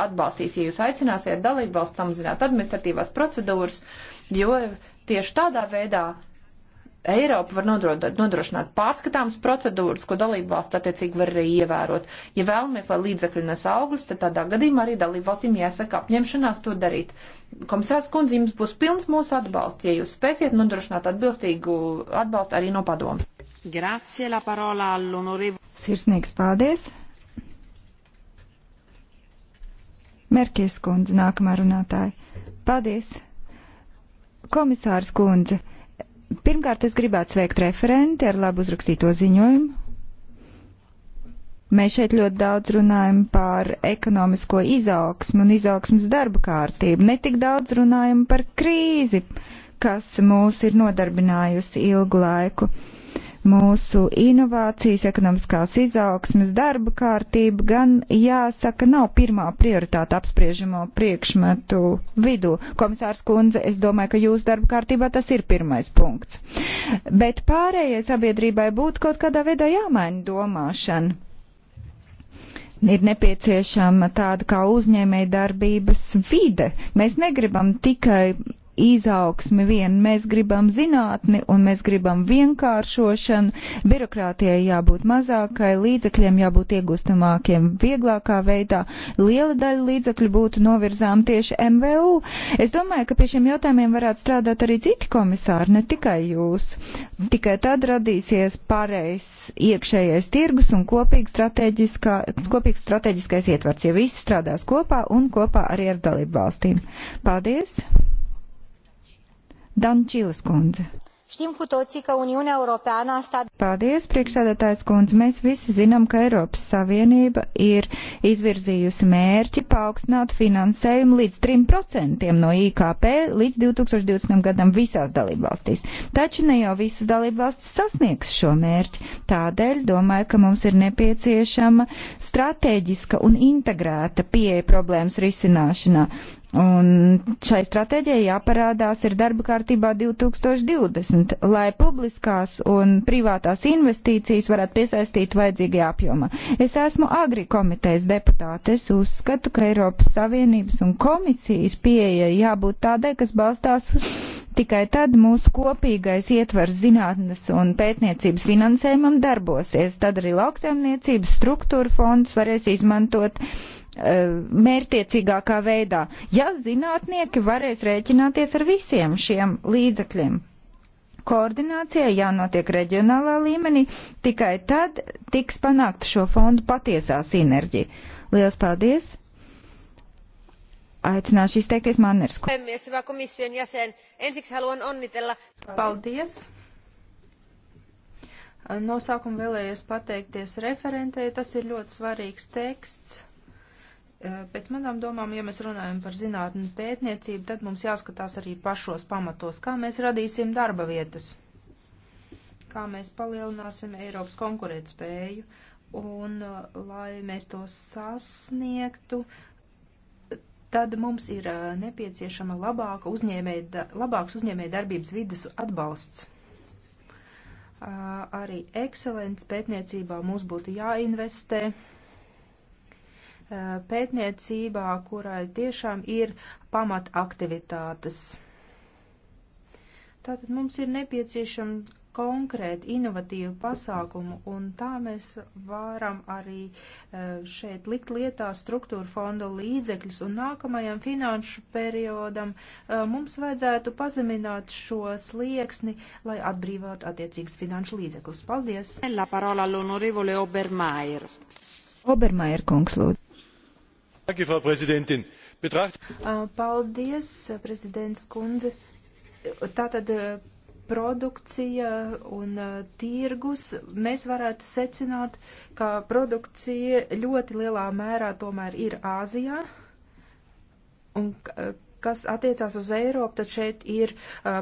atbalstīs, ja jūs aicināsiet dalību valsts samazināt administratīvās procedūras, jo tieši tādā veidā Eiropa var nodrošināt pārskatāmas procedūras, ko dalību valsts attiecīgi var arī ievērot. Ja vēlamies, lai līdzekļi nes augus, tad tādā gadījumā arī dalību valstīm jāsaka apņemšanās to darīt. Komisārs kundze, jums būs pilns mūsu atbalsts, ja jūs spēsiet nodrošināt atbilstīgu atbalstu arī no padomas. Grazie la parola all'onorevole. Sirsnīgs paldies. Merkies kundze, nākamā runātāja. Paldies. Komisārs kundze Pirmkārt, es gribētu sveikt referenti ar labu uzrakstīto ziņojumu. Mēs šeit ļoti daudz runājam par ekonomisko izaugsmu un izaugsmas darba kārtību. Netik daudz runājam par krīzi, kas mūs ir nodarbinājusi ilgu laiku. Uh, mūsu inovācijas, ekonomiskās izaugsmas, darba kārtība gan, jāsaka, nav pirmā prioritāte apspriežamo priekšmetu vidū. Komisārs Kundze, es domāju, ka jūsu darba kārtībā tas ir pirmais punkts. Bet pārējai sabiedrībai būtu kaut kādā veidā jāmaina domāšana. Ir nepieciešama tāda kā uzņēmēja darbības vide. Mēs negribam tikai izaugsmi vien. Mēs gribam zinātni un mēs gribam vienkāršošanu, birokrātijai jābūt mazākai, līdzekļiem jābūt iegūstamākiem vieglākā veidā. Liela daļa līdzekļu būtu novirzām tieši MVU. Es domāju, ka pie šiem jautājumiem varētu strādāt arī citi komisāri, ne tikai jūs. Tikai tad radīsies pareizs iekšējais tirgus un kopīgs, kopīgs strateģiskais ietvars, ja visi strādās kopā un kopā arī ar dalību valstīm. Paldies! Dančīlas kundze. Știm cu toții că Uniunea Europeană a stabilit. Paldies, priekšsēdētājs kundze. Mēs visi zinām, ka Eiropas Savienība ir izvirzījusi mērķi paaugstināt finansējumu līdz 3% no IKP līdz 2020. gadam visās dalībvalstīs. Taču ne jau visas dalībvalstis sasniegs šo mērķi. Tādēļ domāju, ka mums ir nepieciešama strateģiska un integrēta pieeja problēmas risināšanā. Un šai stratēģijai jāparādās ir darba kārtībā 2020, lai publiskās un privātās investīcijas varētu piesaistīt vajadzīgajā apjomā. Es esmu agri komitejas deputāte. Es uzskatu, ka Eiropas Savienības un komisijas pieeja jābūt tādai, kas balstās uz. Tikai tad mūsu kopīgais ietvers zinātnes un pētniecības finansējumam darbosies. Tad arī lauksaimniecības struktūra fonds varēs izmantot uh, Eh, mērtiecīgākā veidā, ja zinātnieki varēs rēķināties ar visiem šiem līdzekļiem. Koordinācijai jānotiek reģionālā līmenī, tikai tad tiks panākta šo fondu patiesā sinerģija. Lielas paldies! Aicināšu izteikties Mannersku. Paldies! Nosākumu vēlējos pateikties referentei. Tas ir ļoti svarīgs teksts Pēc eh, manām domām, ja mēs runājam par zinātni pētniecību, tad mums jāskatās arī pašos pamatos, kā mēs radīsim darba vietas, kā mēs palielināsim Eiropas konkurētspēju. Un, eh, lai mēs to sasniegtu, tad mums ir eh, nepieciešama labāka uzņēmē, labāks uzņēmē darbības vidas atbalsts. Arī ekscelents pētniecībā mums būtu jāinvestē Eh, pētniecībā, kurai tiešām ir pamataktivitātes. Tātad mums ir nepieciešama konkrēti inovatīvu pasākumu, un tā mēs varam arī eh, šeit likt lietā struktūra fonda līdzekļus, un nākamajam finanšu periodam eh, mums vajadzētu pazemināt šo slieksni, lai atbrīvātu attiecīgas finanšu līdzekļus. Paldies! La parola all'onorevole Obermaier. Obermaier kungs lūdzu. Frau Präsidentin. Betracht... Paldies, prezidents kundze. Tātad produkcija un tirgus, mēs varētu secināt, ka produkcija ļoti lielā mērā tomēr ir Āzijā. Un kas attiecās uz Eiropu, tad šeit ir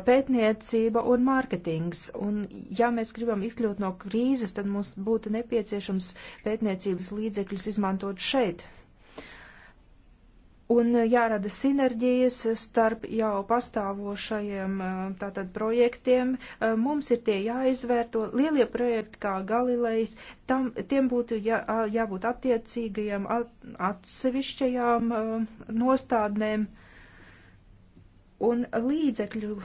pētniecība un mārketings. Un ja mēs gribam izkļūt no krīzes, tad mums būtu nepieciešams pētniecības līdzekļus izmantot šeit, un jārada sinerģijas starp jau pastāvošajiem eh, tātad projektiem. Eh, mums ir tie jāizvērto lielie projekti kā Galilejs, tam, tiem būtu jā, jābūt attiecīgajiem atsevišķajām eh, nostādnēm. Un līdzekļu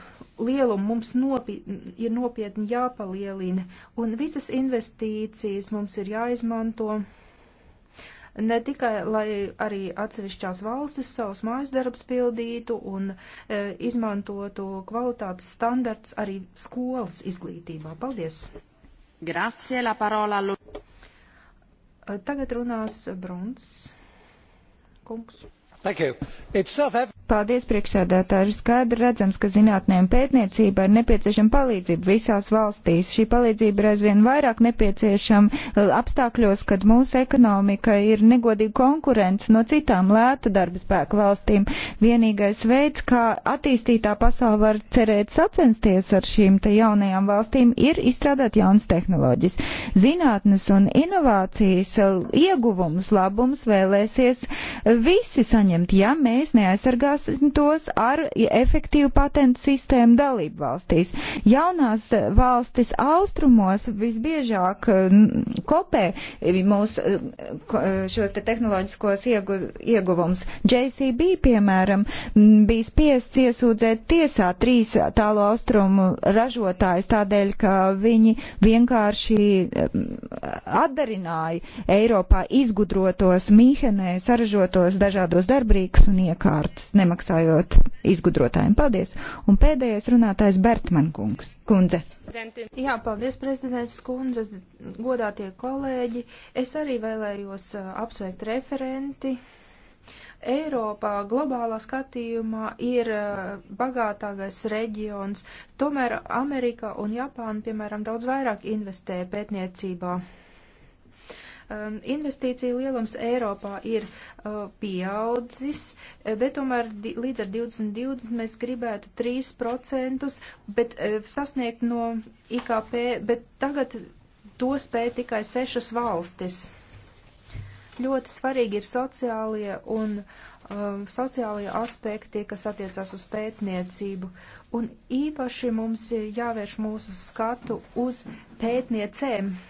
lielumu mums nopietni, ir nopietni jāpalielina, un visas investīcijas mums ir jāizmanto ne tikai, lai arī atsevišķās valstis savus mājas darbus pildītu un e, izmantotu kvalitātes standarts arī skolas izglītībā. Paldies! Grazie, la parola. E, tagad runās Bruns. Kungs. Thank you. It's self-evident. Paldies, priekšsēdētāji. Ir skaidri redzams, ka zinātnē un pētniecībā ir nepieciešama palīdzība visās valstīs. Šī palīdzība ir aizvien vairāk nepieciešama eh, apstākļos, kad mūsu ekonomika ir negodīga konkurence no citām lēta darba spēka valstīm. Vienīgais veids, kā attīstītā pasaule var cerēt sacensties ar šīm te jaunajām valstīm, ir izstrādāt jaunas tehnoloģijas. Zinātnes un inovācijas eh, ieguvumus, labumus vēlēsies visi saņemt, ja mēs neaizsargāsim tos ar efektīvu patentu sistēmu dalību valstīs. Jaunās valstis austrumos visbiežāk mm, kopē eh, mūsu eh, eh, šos te tehnoloģiskos iegu, ieguvums. JCB, piemēram, mm, bija spiests iesūdzēt tiesā trīs tālu austrumu ražotājus tādēļ, ka viņi vienkārši mm, atdarināja Eiropā izgudrotos Mīhenē saražotos dažādos darbrīkus un iekārtas. Ne nemaksājot izgudrotājiem. Paldies! Un pēdējais runātājs Bertman kungs. Kundze. Jā, paldies, prezidents kundze, godātie kolēģi. Es arī vēlējos uh, apsveikt referenti. Eiropā globālā skatījumā ir uh, bagātākais reģions, tomēr Amerika un Japāna, piemēram, daudz vairāk investē pētniecībā. Um, investīcija lielums Eiropā ir uh, pieaudzis, bet tomēr di, līdz ar 2020 mēs gribētu 3%, bet uh, sasniegt no IKP, bet tagad to spēja tikai sešas valstis. Ļoti svarīgi ir sociālie un um, sociālie aspekti, kas attiecas uz pētniecību. Un īpaši mums jāvērš mūsu skatu uz pētniecēm. Uh,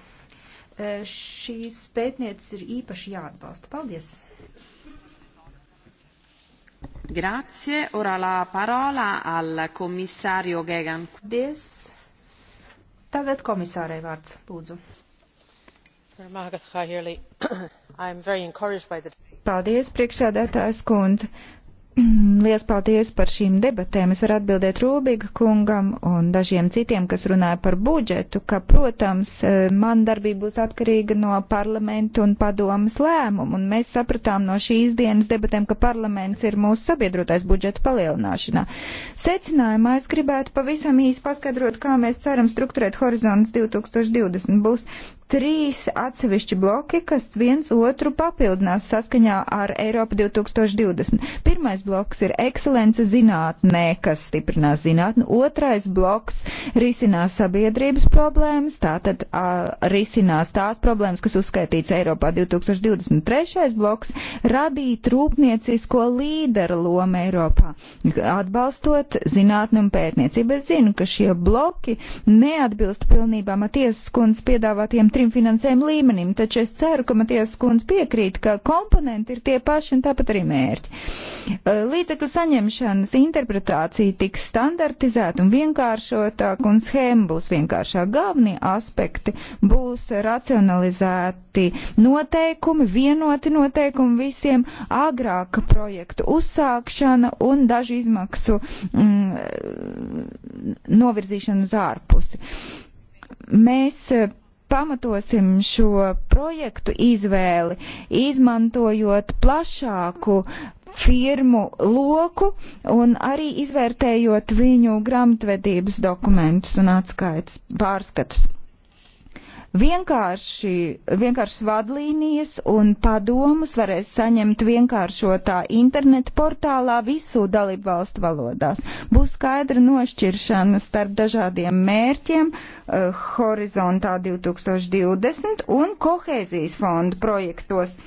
E, šīs pētnieces ir īpaši jāatbalsta. Paldies! Grazie, ora la parola al komisārio Gegan. Paldies! Tagad komisārai vārds, lūdzu. Paldies, priekšsēdētājs kundze. Mm, Lielas paldies par šīm debatēm. Es varu atbildēt Rūbīga kungam un dažiem citiem, kas runāja par budžetu, ka, protams, e, man darbība būs atkarīga no parlamentu un padomas lēmumu. Un mēs sapratām no šīs dienas debatēm, ka parlaments ir mūsu sabiedrotais budžeta palielināšanā. Secinājumā es gribētu pavisam īsi paskaidrot, kā mēs ceram strukturēt horizonts 2020. Būs trīs atsevišķi bloki, kas viens otru papildinās saskaņā ar Eiropu 2020. Pirmais bloks ir ekscelence zinātnē, kas stiprinās zinātni. Otrais bloks risinās sabiedrības problēmas, tātad a, risinās tās problēmas, kas uzskaitīts Eiropā 2020. Trešais bloks radīt rūpniecisko līderu lomu Eiropā, atbalstot zinātni un pētniecību. Es zinu, ka šie bloki neatbilst pilnībā Matiesas kundzes piedāvātiem trim šim finansējuma līmenim, taču es ceru, ka Matijas kundze piekrīt, ka komponenti ir tie paši un tāpat arī mērķi. Uh, līdzekļu saņemšanas interpretācija tiks standartizēta un vienkāršotāk, un schēma būs vienkāršāk. Galvenie aspekti būs racionalizēti noteikumi, vienoti noteikumi visiem, agrāka projektu uzsākšana un dažu izmaksu mm, novirzīšana uz ārpusi. Mēs pamatosim šo projektu izvēli, izmantojot plašāku firmu loku un arī izvērtējot viņu grāmatvedības dokumentus un atskaites pārskatus. Vienkārši, vienkārši vadlīnijas un padomus varēs saņemt vienkāršotā interneta portālā visu dalību valstu valodās. Būs skaidra nošķiršana starp dažādiem mērķiem uh, horizontā 2020 un kohēzijas fondu projektos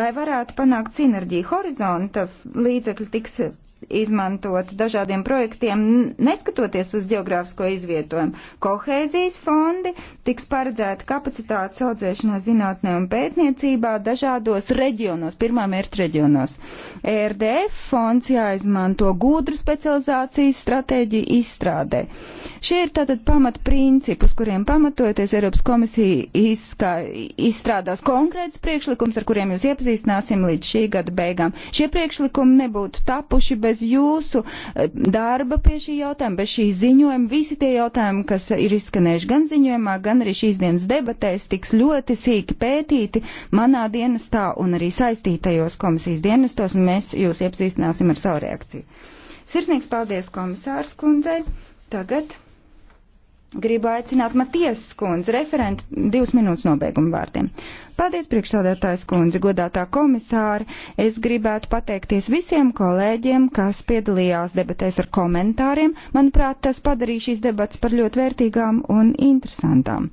lai varētu panākt sinerģiju horizonta līdzekļi tiks izmantota dažādiem projektiem, neskatoties uz geogrāfisko izvietojumu. Kohēzijas fondi tiks paredzēta kapacitātes audzēšanā zinātnē un pētniecībā dažādos reģionos, pirmā mērķa reģionos. E RDF fonds jāizmanto gudru specializācijas stratēģiju izstrādē. Šie ir tātad pamatprincipi, uz kuriem pamatojoties Eiropas komisija izskā, izstrādās konkrētus priekšlikumus, ar kuriem jūs iepazīstināsim līdz šī gada beigām. Šie priekšlikumi nebūtu tapuši bez bez jūsu eh, darba pie šī jautājuma, bez šī ziņojuma, visi tie jautājumi, kas ir izskanējuši gan ziņojumā, gan arī šīs dienas debatēs, tiks ļoti sīki pētīti manā dienestā un arī saistītajos komisijas dienestos, un mēs jūs iepazīstināsim ar savu reakciju. Sirsnīgs paldies komisārs kundzei. Tagad Gribu aicināt Matias skundzi, referentu divas minūtes nobeiguma vārdiem. Paldies, priekšsādātājs skundzi, godātā komisāri. Es gribētu pateikties visiem kolēģiem, kas piedalījās debatēs ar komentāriem. Manuprāt, tas padarīja šīs debats par ļoti vērtīgām un interesantām.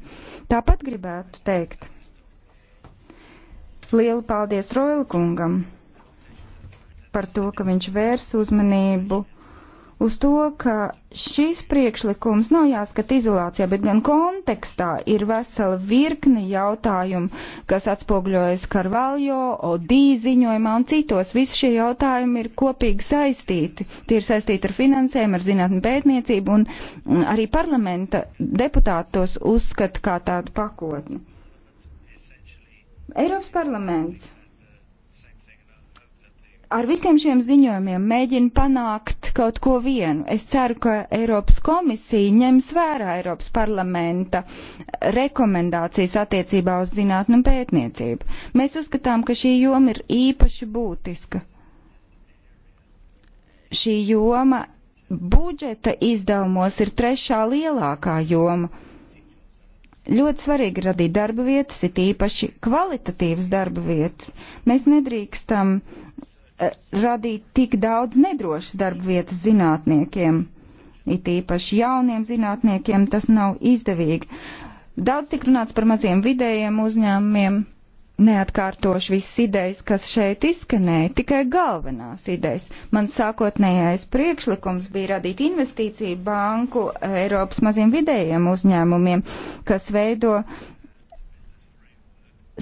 Tāpat gribētu teikt. Lielu paldies Roilkungam par to, ka viņš vērs uzmanību uz to, ka šis priekšlikums nav jāskat izolācijā, bet gan kontekstā ir vesela virkne jautājumu, kas atspoguļojas Karvaljo, Odī ziņojumā un citos. Visi šie jautājumi ir kopīgi saistīti. Tie ir saistīti ar finansēm, ar zinātni pētniecību un arī parlamenta deputātos uzskata kā tādu pakotni. Eiropas parlaments ar visiem šiem ziņojumiem mēģina panākt kaut ko vienu. Es ceru, ka Eiropas komisija ņems vērā Eiropas parlamenta rekomendācijas attiecībā uz zinātnu un pētniecību. Mēs uzskatām, ka šī joma ir īpaši būtiska. Šī joma budžeta izdevumos ir trešā lielākā joma. Ļoti svarīgi radīt darba vietas, it īpaši kvalitatīvas darba vietas. Mēs nedrīkstam radīt tik daudz nedrošas darba vietas zinātniekiem. It īpaši jauniem zinātniekiem tas nav izdevīgi. Daudz tik runāts par maziem vidējiem uzņēmumiem. Neatkārtošu visas idejas, kas šeit izskanēja, tikai galvenās idejas. Mans sākotnējais priekšlikums bija radīt investīciju banku Eiropas maziem vidējiem uzņēmumiem, kas veido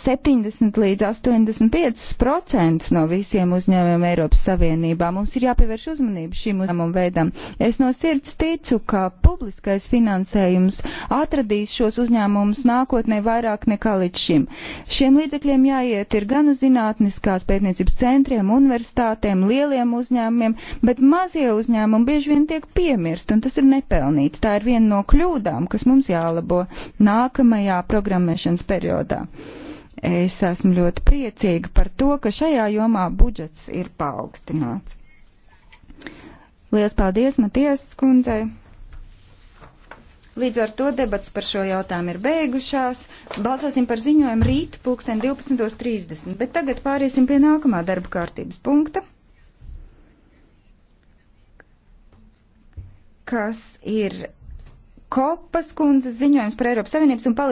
70 līdz 85 procentus no visiem uzņēmumiem Eiropas Savienībā. Mums ir jāpievērš uzmanība šim uzņēmumu veidam. Es no sirds ticu, ka publiskais finansējums atradīs šos uzņēmumus nākotnē vairāk nekā līdz šim. Šiem līdzekļiem jāiet ir gan uz zinātniskās pētniecības centriem, universitātēm, lieliem uzņēmumiem, bet mazie uzņēmumi bieži vien tiek piemirst, un tas ir nepelnīti. Tā ir viena no kļūdām, kas mums jālabo nākamajā programmēšanas periodā. Es esmu ļoti priecīga par to, ka šajā jomā budžets ir paaugstināts. Lielas paldies Matiesas kundzei! Līdz ar to debats par šo jautājumu ir beigušās. Balsosim par ziņojumu rīt, pulksten 12.30, bet tagad pāriesim pie nākamā darba kārtības punkta, kas ir Kopas kundzes ziņojums par Eiropas Savienības un palīdzību.